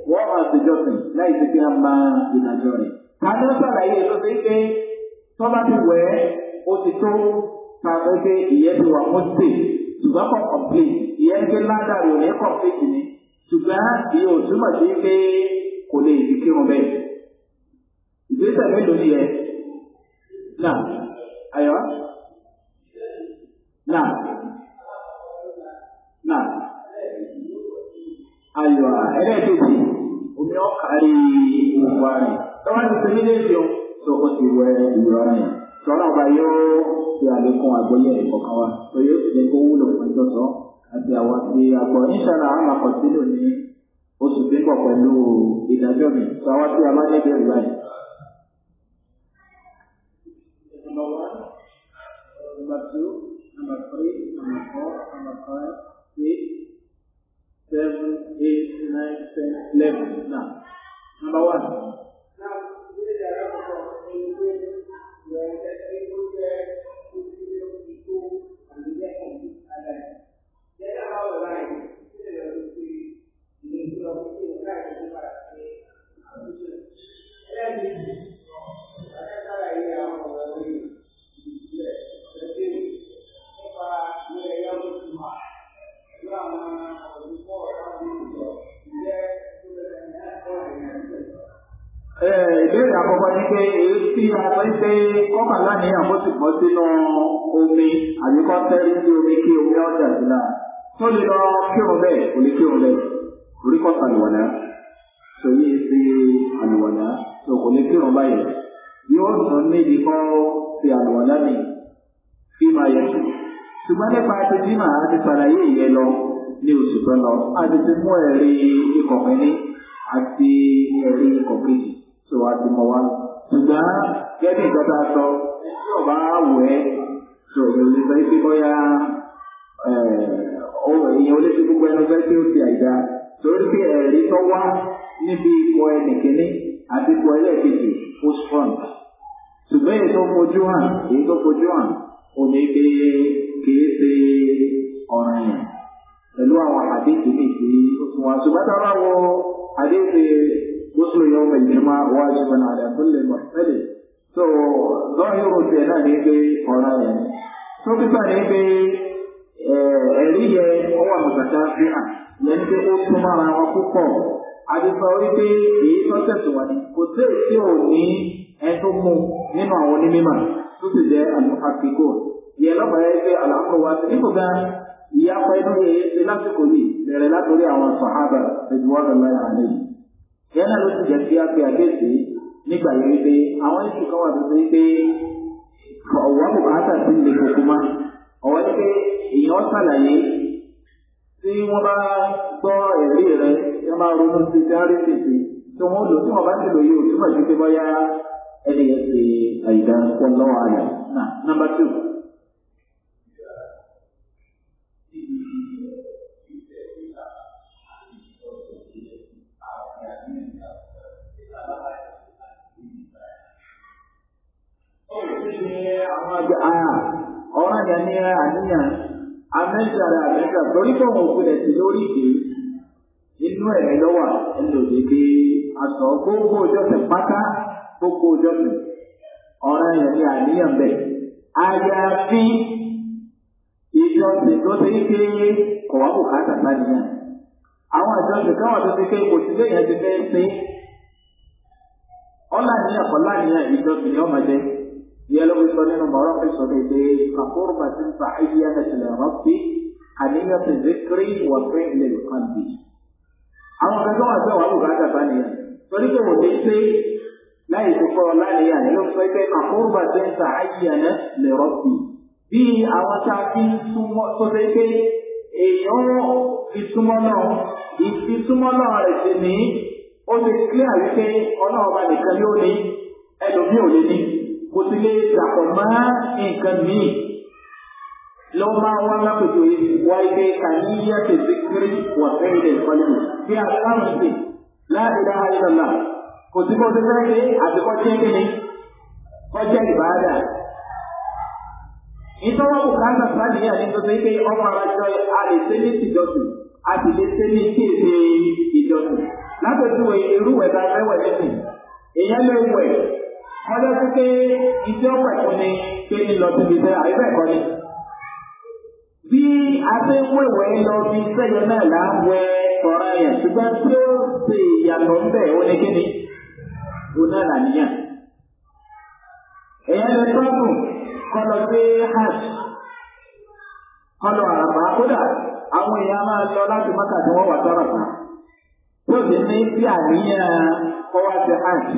wọ́n máa ṣèjọsìn láì ṣe kí wọ́n máa ìdájọ́ rẹ̀. Kàdé sàlàyé ló ṣe pé tọ́lá ti wẹ̀ ẹ́ ó ti tó kàwé pé ìyẹn ti wà fún ṣe ṣùgbọ́n kò kọ̀pìlì ìyẹn ti ládàrí òní kọ̀pìlì ni ṣùgbọ́n ìyẹn ò túmọ̀ sí pé kò lè fi kírun bẹ́ẹ̀. Ìgbésẹ̀ mélòó ni ẹ? Nà ayọ̀ nà nà ayọ̀ ẹlẹ́ẹ̀kejì omi ọ̀kárí ìwà rẹ̀ tọ́wọ́n ti sinmi léèdì o tó o ti wẹ ìrọ̀ rẹ̀ tọ́lá ọba yóò fi àlékún àgbọ́yé ìkọ̀kan wa tó yóò fi lè kó wúlò fún ẹjọ́ sọ àti àwọn ti àgbọ̀ níṣàlá àwọn àkọsílò ní oṣù tí ń bọ̀ pẹ̀lú ìdájọ́ mi sọ àwọn tí a bá níbi ìrìn báyìí. Number two, number three, number four, number five, six, seven, eight, nine, ten, eleven. Now, number one. Now, these are all from English, where the people there who feel people and the death of this island. Then our line, similar to the English of the English, and the English. ìbéèrè àkọ́kọ́ ni pé èyí tí a sọ pé kọ́kà láníyàn kó sì bọ́ sínú omi àbí kọ́ tẹ́rí sí omi kí omi ọjà sí náà tó lè lọ kírun bẹ́ẹ̀ kò lè kírun bẹ́ẹ̀ orí kọ́ sàlùwọ̀nà sòyí sí àlùwọ̀nà tó kò lè kírun báyìí yóò sùn níbi kọ́ sí àlùwọ̀nà ni bí máa yẹ sùn ṣùgbọ́n nípa ti bí màá ti ṣàlàyé ìyẹn lọ ní oṣù tó lọ a ti ti mú ẹ̀rí ikọ̀ kìíní àti ẹ̀rí ikọ̀ kejì. ဆိုအပ်ဒီမဝါဒီကကဲဒီကတာတော့ပြောပါဝဲဆိုလူတွေပဲပြောရအဲအိုးရေလေးဒီကွယ်တော့ပဲပြောပြရတာဆိုတော့ဒီရီတော့ဝါနိဒီကွယ်နေကနေအဒီကွယ်ရဲ့ဒီပို့ဖရန့်သူပဲတော့ပို့ကျွမ်းဒီတော့ပို့ကျွမ်းဟိုနေပြီးကေးစီအော်ရိုင်းဘယ်လိုအောင်ဟာဒီဒီဒီဟိုဆိုပါတော့ဟိုဟာဒီ غسل يوم الجمعة واجبا على كل محتلم so ظاهر tiẹ̀ náà ní pé ọ̀ràn yẹn tó pípa ní pé ẹ̀rí yẹn ó wà mọ̀tàtà sí à yẹn pé ó tún máa ra wọn púpọ̀ àdìsọ wípé èyí tó tẹ̀sùn wà ní kò sí èyí tí ò ní ẹ tó mú nínú àwọn onímọ̀ tó ìyẹn náà ló ti jẹ́ kí a fi àkéèsí nígbà yẹn wípé àwọn iṣu kan wà tó ṣe pé ọ̀wọ́ bùkátà sí ilé koko mọ́ ọ̀wọ́ ni pé èèyàn ṣàlàyé tí wọ́n bá gbọ́ ẹ̀rí rẹ tí wọ́n bá ronú sí tí wọ́n rí sí sí tí wọ́n lò tí wọ́n bá ti lò yìí ò túmọ̀ sí pé bọ́yá ẹni yẹn ti àyíká pọ̀ lọ́wọ́ àyà. Number two. ní àwọn àyà ọ̀ràn yẹn ní àníyàn amẹ́sàrà àmẹ́sà torí tó wọn òkú rẹ̀ sí lórí ìdè inú ẹ̀rẹ́ lọ́wọ́ ẹ̀lò dédé àtọ̀ gbogbo pátá gbogbo ní àníyàn àyàfi ìjọsìn tó ti kọ̀ wá bùkátà sáníyàn àwọn ìjọsìn káwọn tó ti ké kò sí ọ̀làníyàn kọ̀ láníyàn ìjọsìn dia lo itu ni nomor apa so de de qurbatin ta'iyyan ila rabbi haniya fi dhikri wa fi'l al qalbi àwọn kan tó wà sí àwọn olùkọ́ àgbà ni torí pé mo ti ṣe láì dúpọ̀ láì yà nínú pé pé qurbatin ta'iyyan ila rabbi bí àwọn tá a fi súnmọ́ tó ṣe pé èèyàn ìsúnmọ́ náà ìsúnmọ́ náà rẹ̀ sì ní ó ti kílẹ̀ àwípé ọlọ́run kò sì lè dàpọ̀ mọ́ nǹkan míì lọ́wọ́ máa wá lápòjò wá ike kàníyà tètè kiri wà fẹ́ẹ̀lẹ̀ ìfọ́lẹ́ mi bí a sáwọn dá láìda ayélujára kò sí kó tẹ́tẹ́ pé àtìkọ́ jẹ́ kíni kọjá ìbáadà ìtọ́wọ́ bùkátà sáníyà ní tó ṣe pé ọmọ àjọ a lè ṣe ní ìjọsìn a sì lè ṣe ní kí èdè ìjọsìn látòjú irú ẹ̀ta ẹwẹ̀ nínú èèyàn lè wẹ̀ ọjọ́ tó pé iṣẹ́ ọ̀pẹ̀ fún ni pé lílọ síbi iṣẹ́ ni. bí a ṣe ń wẹ̀wẹ̀ lọ bí sẹ́yọ náà là ń wẹ ọ̀ràn yẹn ṣùgbọ́n tí ó ṣe ìyàtọ̀ ń bẹ̀ ó ní kí ni náà lè kọ́ lọ sí hajj kọ́ lọ kódà àwọn èèyàn máa lọ láti mọ́tà tí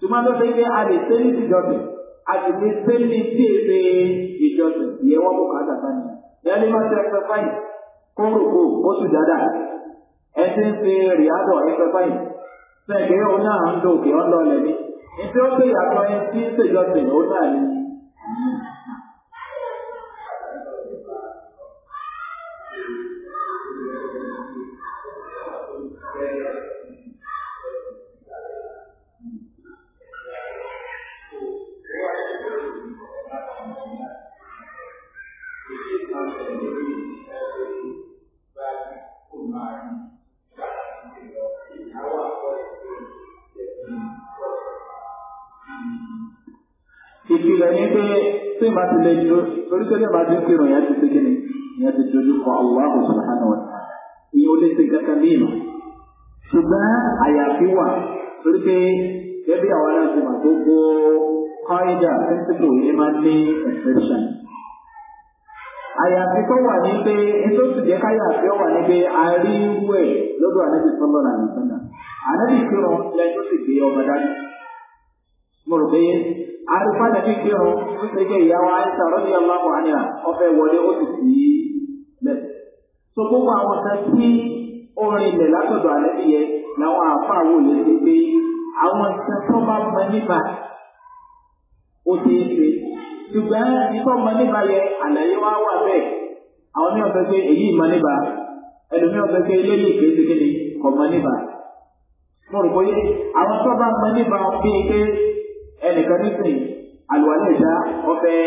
Cuma tu saya ada seni dijadi, ada seni tiada dijadi. Dia awak bukan ada tanya. Yang lima exercise, korupu, kosu dada. Esen si riado exercise. Saya kira orang hantu, kira orang lelaki. Itu apa yang kau ingin sejati, orang ini. ìpìlẹ̀ ní pé tí màá ti lè ju torí tẹ́lẹ̀ máa dín kírun ìyá ti ṣe kí ni ìyá ti dojú kọ Allah subhanahu wa ta'ala ìyẹn ó lè ṣe kankan bí ìmọ̀ ṣùgbọ́n àyàfi wà torí pé gẹ́gẹ́ àwọn aláṣẹ máa tó gbó kọ́ídà pẹ́ńsìpò yìí máa ní exception àyàfi tó wà ní pé ètò ìsìnkẹ́ káyàfi wà ní pé a rí irú ẹ̀ lọ́dọ̀ ànábì sọ́lọ́ náà nìkan náà ànábì kírun lẹ́yìn tó sì gbé ọmọ dání mo rò pé àrífà nàbí kírun ó ṣe jẹ́ ìyàwó àìsà rọ́bì aláwọ̀ àníyà ọ̀fẹ́ wọlé ó sì sí lẹ̀. so gbogbo àwọn kan tí orin ilẹ̀ látọ̀dọ̀ àlẹ́ nìyẹn làwọn àáfàá wò lè ṣe pé àwọn nǹkan tó bá mọ nípa ó ṣe é ṣe ṣùgbọ́n mọ nípa àlàyé wa wà bẹ́ẹ̀ àwọn pé èyí mọ nípa pé mọ nípa. mo rò ẹnìkan nísìnyí àlùwalẹ̀ ìdá ọbẹ̀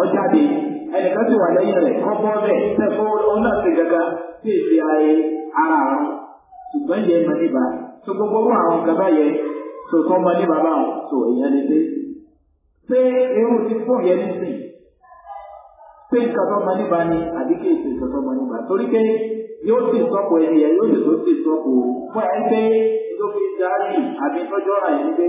ọjáde ẹnìkan sì wà lẹ́yìn rẹ̀ kọ́kọ́ bẹ̀ tẹ́kọ́ ọ̀nà sí gàgà sí èsì ayé ara àrùn ṣùgbọ́n yẹn mọ níbà tó gbogbo àwọn gàgà yẹn tó tọ́ mọ níbà báwọn tó èèyàn lè dé. pé irú ti fún yẹn nísìn pé nǹkan tó mọ níbà ni àbí kí èsì nǹkan tó mọ níbà torí pé yóò sì sọ́kù ẹni yẹn yóò sì tó sì fún ẹ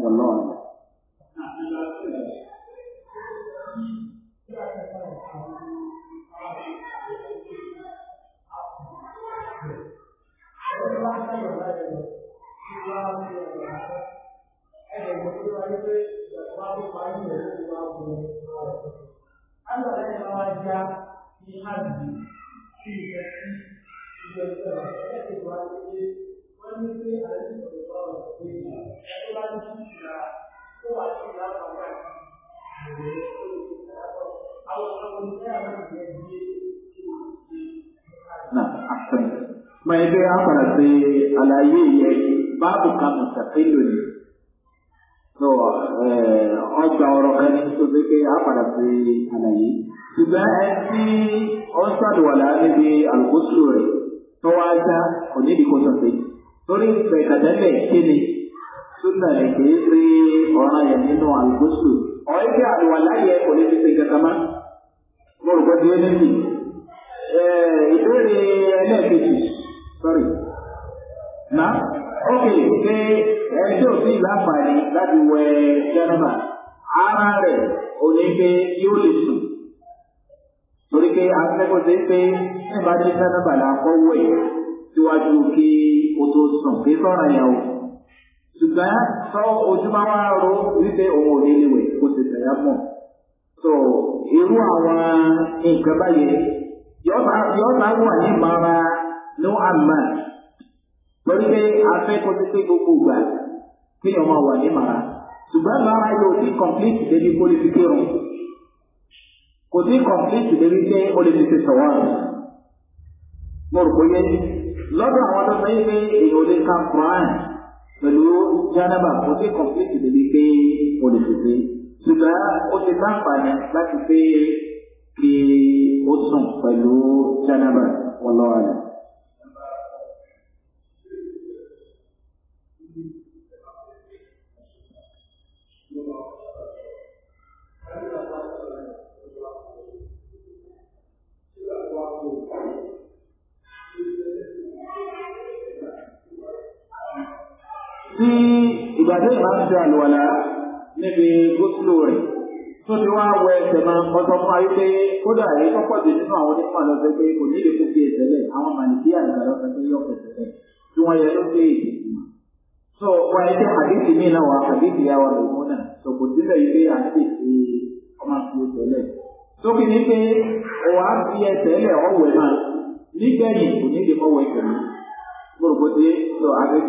والله Thank you wọ́n ní pé àlejò ìgbà ọ̀sẹ̀ ẹ̀rọ bá ní ìṣúra tó wà sí ìlà àwọn àgbà mai bai amara sai alaye ya babu kama tafiyo ne so ọgbà ọ̀rọ̀ kan ní tó pé amara sai alaye ṣùgbọ́n ẹni tí ó ń ṣàdùwàlá níbi àlùkòsùrò rẹ̀ tó wá já kò ní ìdíkò sọ̀tẹ̀ yìí torí ìpè àtẹ́lẹ̀ kéde súnà lè kéé sí ọ̀ràn yẹn nínú àlùkòsù ọ̀rẹ́ tí àlùwà láyé kò lè fi ṣe kankanmá mo rò pé bí ẹni bì ìbéèrè ẹlẹ́ẹ̀kejì sọ́rí nà ókè ṣé ẹjọ́ òsì láǹfààní láti wẹ jẹ́nàmà ara rẹ̀ òní pé yóò lè sùn torí pé akẹ́kọ̀ọ́ ṣe pé nígbà tí jẹ́nàmà là ń wẹ̀ síwájú kí ó tó sùn kí sọ̀rọ̀ yẹn o ṣùgbọ́n sọ ojúmọ́ wa ro wípé òun ò ní níwèé kó ti tẹ̀yà mọ̀ so irú àwọn nǹkan báyìí yọ̀ọ́ máa wà ní ìmọ̀ra no àmà pẹ̀lú pé afẹ́kọ̀ọ́ ti pé gbogbo ìgbà kí ni ọmọ wà ní ìmọ̀ra ṣùgbọ́n ìmọ̀ra yóò ti complete débi kó lè fi kírun kò sí complete débi pé ó lè fi ṣe sọ̀wọ́ rẹ̀ mo rò pé yẹn lọ́dọ̀ àwọn tó sọ yìí pé èèyàn ò lè ka Quran pẹ̀lú janaba kò sí complete débi pé o lè tètè ṣùgbọ́n o ti sáǹfààní láti pé kí o sùn pẹ̀lú janaba wọlọ́wọ́lẹ́. tí ìgbàdé ìbá ti àlùwàlà níbi gósìlò rẹ̀ tó ti wá wẹ ẹsẹ̀ máa ọjọ́ fún ayé pé kódà èyí tó pọ̀ jù nínú àwọn onímọ̀ lọ́sẹ̀ pé kò ní lè kó fi ẹsẹ̀ lẹ̀ àwọn màlìkí àgbà lọ́sẹ̀ tó yọ pẹ̀sẹ̀ lẹ̀ tí wọ́n yẹ ló ṣe èdè ìgbìmọ̀. so wọ́n yẹ kí àdéhìí mi náà wà àdéhìí yà wà lòun náà so kò síbẹ̀ yìí pé àdéhìí ṣe ọmọ àti ẹsẹ̀ lẹ̀. tóbi ní pé ọ̀wá fi ẹsẹ̀ lẹ̀ ọ̀wẹ̀ náà nígbẹ̀yìn kò ní lè mọ̀wẹ̀ kẹ̀mí gbòrògbòdì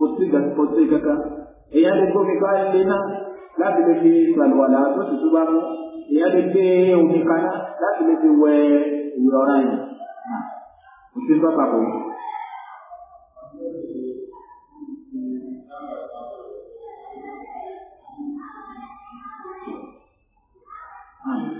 kò sí kankan èèyàn lè gbómi ká ilé náà láti lè fi ṣàlùwàlà tó tutù bá mú èèyàn lè gbé omi kaná láti lè fi wẹ ìwé ọ̀rá yìí kò sí bàbà kò yìí. Amen.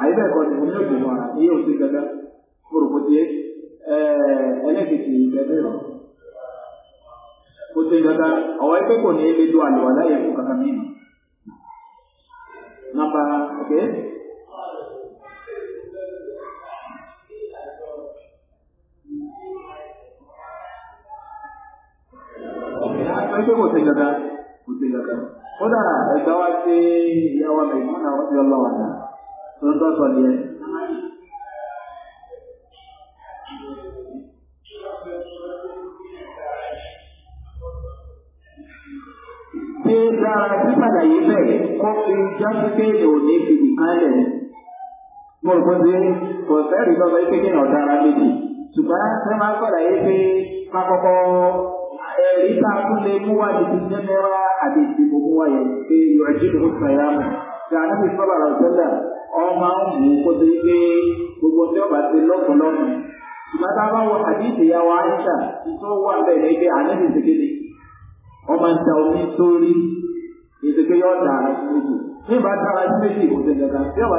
àyíbẹ̀kọ́ ni mo ní òjò mọ́ra ní yóò ti gbẹgbẹ́ fòròpótì ẹlẹ́kìtì ìgbẹ́fẹ́ rẹ̀ kò ti gbẹgbẹ́ ọ̀wọ́ ẹgbẹ́ kò ní lè do àlùwà láyé fún kàkà mí. nàbà ok. ẹgbẹ́ kò ti gbẹgbẹ́ kò ti gbẹgbẹ́ kódà ẹgbẹ́ wa ti ìyá wa mẹ́gbọ́n náà wọ́n ti lọ́wọ́ náà ohun tó sọ nìyẹn. ṣé dára pípadà yìí bẹ́ẹ̀ kó fi jásí pé òní fi nìkan lẹ̀ ní. mo rò pé ṣe kò sẹ́rìí lọ́wọ́ pé kí náà dára méjì ṣùgbọ́n ṣé máa ń padà yìí pé ká ẹ̀rí tá a tún lè mú wá ní ti àti ìdìbò mú wá yẹn pé yọ̀ọ́jú ló ń sọ yá mọ̀. ṣé àná fi sọ́bà rọ̀ sẹ́lẹ̀ ọma àwọn mú kótó pé gbogbo tí ọba ti lọ́kùn lọ́kùn ya wa aisha tó wà bẹ́ẹ̀ ní pé àníbi ìsèkéde ọmọ ìta omi sórí ìsèké yọ dára sí méjì bí ìbá dára sí méjì kò sí dandan bí ọba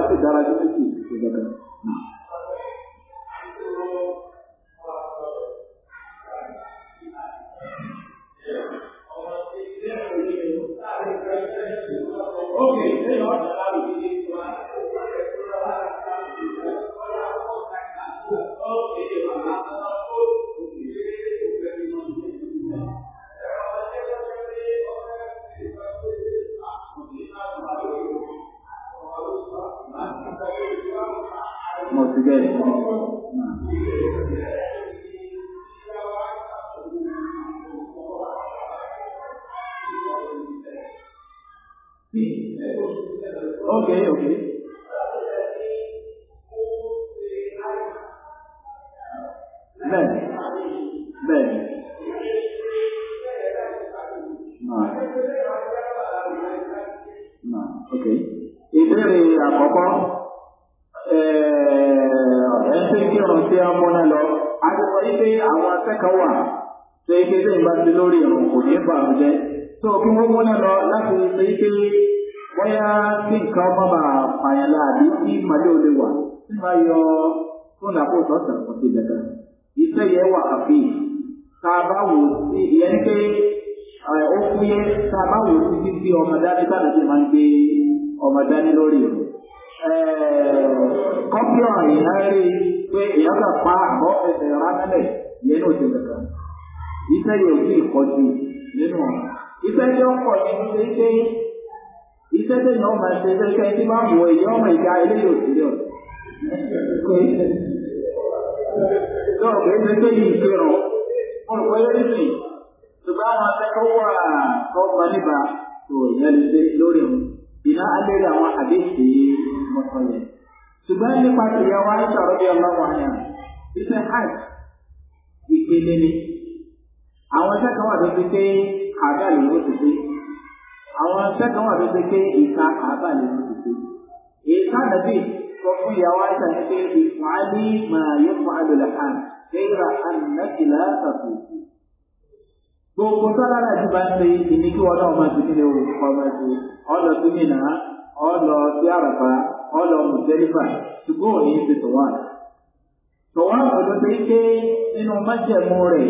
ọmọ dání bá lóde máa ń gbé ọmọ dání lórí rẹ̀. kọ́pì ọ̀ràn yìí náà rí pé èèyàn kan pa àbọ̀ ẹsẹ̀ ránálẹ̀ nínú òsè kankan. iṣẹ́ yóò sì kọjú nínú ọ̀ràn. iṣẹ́ tí ó ń pọ̀ nínú ṣe pé iṣẹ́ tí èèyàn máa ṣe ṣẹ́ṣẹ́ tí máa wọ èèyàn ọmọ ìjà eléyìí òsèlè ọ̀ tó o kìí yìí ṣe rọ̀ mo rò pé tó ìyá lè ṣe lórí òun ìná abẹ́rẹ́ àwọn àbẹ́sẹ̀ mọ́tọ́lẹ̀. ṣùgbọ́n nípa ìyàwó aisha rọ́bì ọlọ́wọ́ àyà iṣẹ́ hajj ìpele ni. àwọn sẹ́kàn wà tó ti pé kàbá lè wọ́n ti pé. àwọn sẹ́kàn wà tó ti pé ìka kàbá lè wọ́n ti pé. èyí sáàdàbí sọ fún ìyàwó aisha ní pé ìfọ̀ á ní màá yẹ fún àlùlẹ̀ hàn kéèrà ànàkìlá tàbí òkú. gbogbo sọ́lára ti bá ṣe ìní kí wọn náà máa ti nílé olùkọ́ máa ṣe ọlọ sí mìnà ọlọ sí àràfà ọlọ mùsẹ́lífà ṣùgbọ́n òní ti tọ̀wá. tọ̀wá ọ̀dọ́ pé pé nínú májẹ̀mú rẹ̀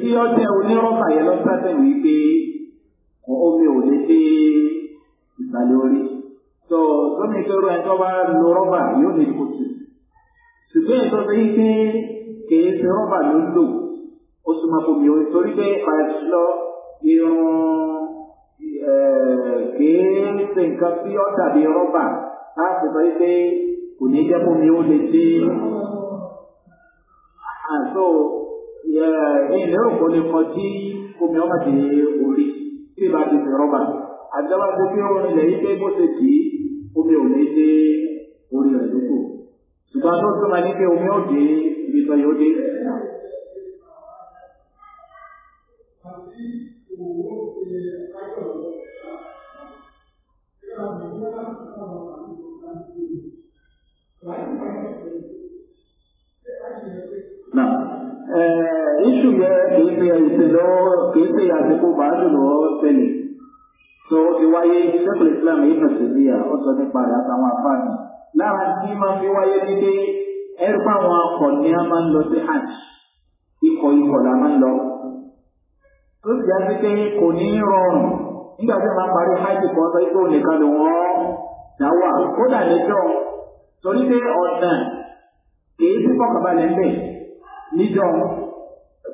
tí ó jẹ́ onírọ́bà yẹn lọ sábẹ̀ wípé omi ò lè dé ìsàlẹ̀ orí tó lómi ìfẹ́rù ẹjọ́ bá lo rọ́bà yóò lè kó tù ṣùgbọ́n ètò ṣe pé kìí ṣe rọ́bà ló ń lò ó sì máa bomi orí torí pé pàṣẹ lọ irun kìí ṣe nǹkan tí ó dàbí rọ́bà láti sọ pé kò ní jẹ́ bomi ó lè dé ah, ní ìlérò kò lè kọ tí omi ọmọ ti orí tí ìbá ti fi rọ́bà àdáwà tó fi rọrùn ilẹ̀ yìí pé bó ṣe tì í omi ò ní dé orí rẹ̀ lóko ṣùgbọ́n tó tó máa ní pé omi ò ibi tó yóò dé. Now. oṣù yẹ kìí ṣe ìsìn lọ́wọ́ kìí ṣe àsìkò bàálù lọ́wọ́ tẹ́lẹ̀ tó o ti wáyé sẹ́kùlù islam yìí fẹ̀sẹ̀ sí à ó sọ nípa rẹ̀ àtàwọn afáàní lára tí máa fi ni a máa ń lọ sí hajj ikọ̀ ikọ̀ la kan sọ pé òun nìkan ló wọ́n dáwà kódà níjọ́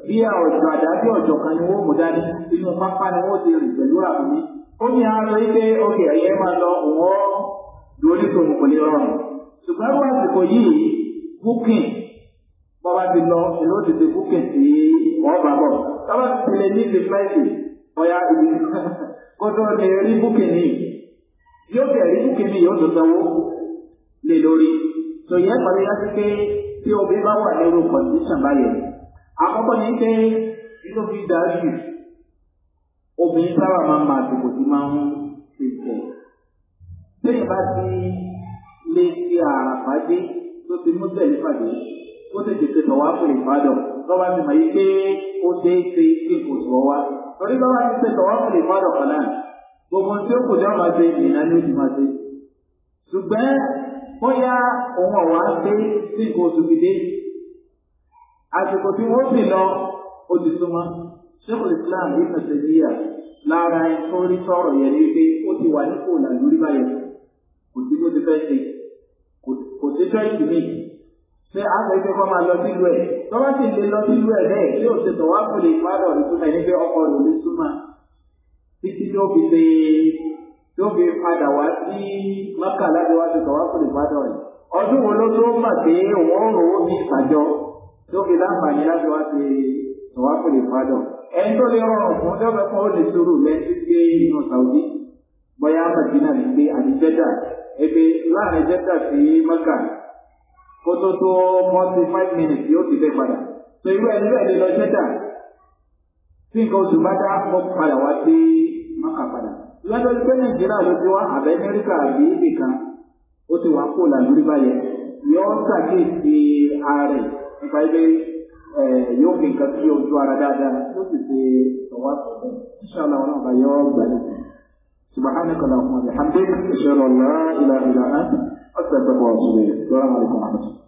bí ọ̀dọ̀ àdájọ́ ọ̀jọ̀ kan ni wọ́n mú dání inú pápá ni wọ́n ti rìn pẹ̀lú àbúrí ó ní àárọ̀ wípé ọkẹ̀ ẹ̀yẹ máa lọ òwọ́ lórí tòun kò lè rọrùn ṣùgbọ́n wọ́n àsìkò yìí booking bọ́ba ti lọ ìlú ti ti booking sí ọ̀ọ́bà bọ̀ tọ́ba ti tilẹ̀ ní ti fẹ́ẹ̀sì ọ̀yà ìlú kótó ti rí booking ní yóò kẹ̀ rí booking ní yóò tó sanwó lè lórí tòyẹ́ pàdé yá sí pé tí obìnrin bá wà lérò kọ̀ǹdíṣàn báyẹn àkọ́kọ́ ni pé nínú fi dájú obìnrin sábà máa ń máa dùkò tí máa ń ṣe jẹ lẹ́yìn bá ti lè ṣe àràfàdé tó ti mú tẹ̀lé pàdé ó tètè fún lọ́wọ́ ti mọ̀ yí pé ó ṣe é ṣe kò tọ̀ wá torí lọ́wọ́ gbogbo tí ó ṣe ìnáwó ti bóyá òun ọ̀wá ń dé sí nǹkan oṣù fi dé àsìkò tí wọ́n sì lọ ó ti súnmọ́ ṣékùn islam yìí fẹsẹ̀ yíyà lára ẹ̀fọ́ rí sọ̀rọ̀ yẹn ni pé ó ti wà nípò làlórí báyẹn kò sí bó ti fẹ́ ṣe kò sí fẹ́ ìlú mi ṣé àgbẹ̀ ìfẹ́ kọ́ máa lọ sílùú ẹ̀ tọ́wọ́ sì lè lọ sílùú ẹ̀ bẹ́ẹ̀ tí ò ṣe tọ̀ wá fún lè fún àdọ̀ ìtúnṣe ní pé ọkọ̀ rẹ̀ ò ní súnmọ́ títí tó fi ṣe tó fi padà wá sí mọ́kà láti wá sí tọ́wáfù ìbádọ́ rẹ̀ ọdún wo ló tó mà pé òun ń rówó ní ìpàjọ tó fi láǹfààní láti wá sí tọ́wáfù ìbádọ́ ẹni tó lè rọrùn fún tó fẹ́ ó lè sùúrù lẹ́sí gbé inú Saudi bóyá Madina lè gbé àti Jeddah ebe láàrin Jeddah sí mọ́kà kó tó tó forty five minutes yóò ti fẹ́ padà tó irú ẹni bẹ́ẹ̀ lè lọ Jeddah tí nǹkan oṣù bá mọ́ padà wá sí mọ́kà padà lọ́dọ̀ pé nàìjíríà ló ti wá àbẹ́ amẹ́ríkà àbí ibì kan ó ti wá kó làlúrí báyẹn yóò ṣàkíyèsí ààrẹ nípa ibi yóò fi nǹkan sí ojú ara dáadáa ó sì ṣe ọwọ́ àtọ̀tọ̀ ṣáàlà wọn àbá yọ gbàlẹ̀ سبحانك اللهم وبحمدك اشهد ان لا اله الا انت استغفرك واتوب اليك السلام عليكم ورحمه الله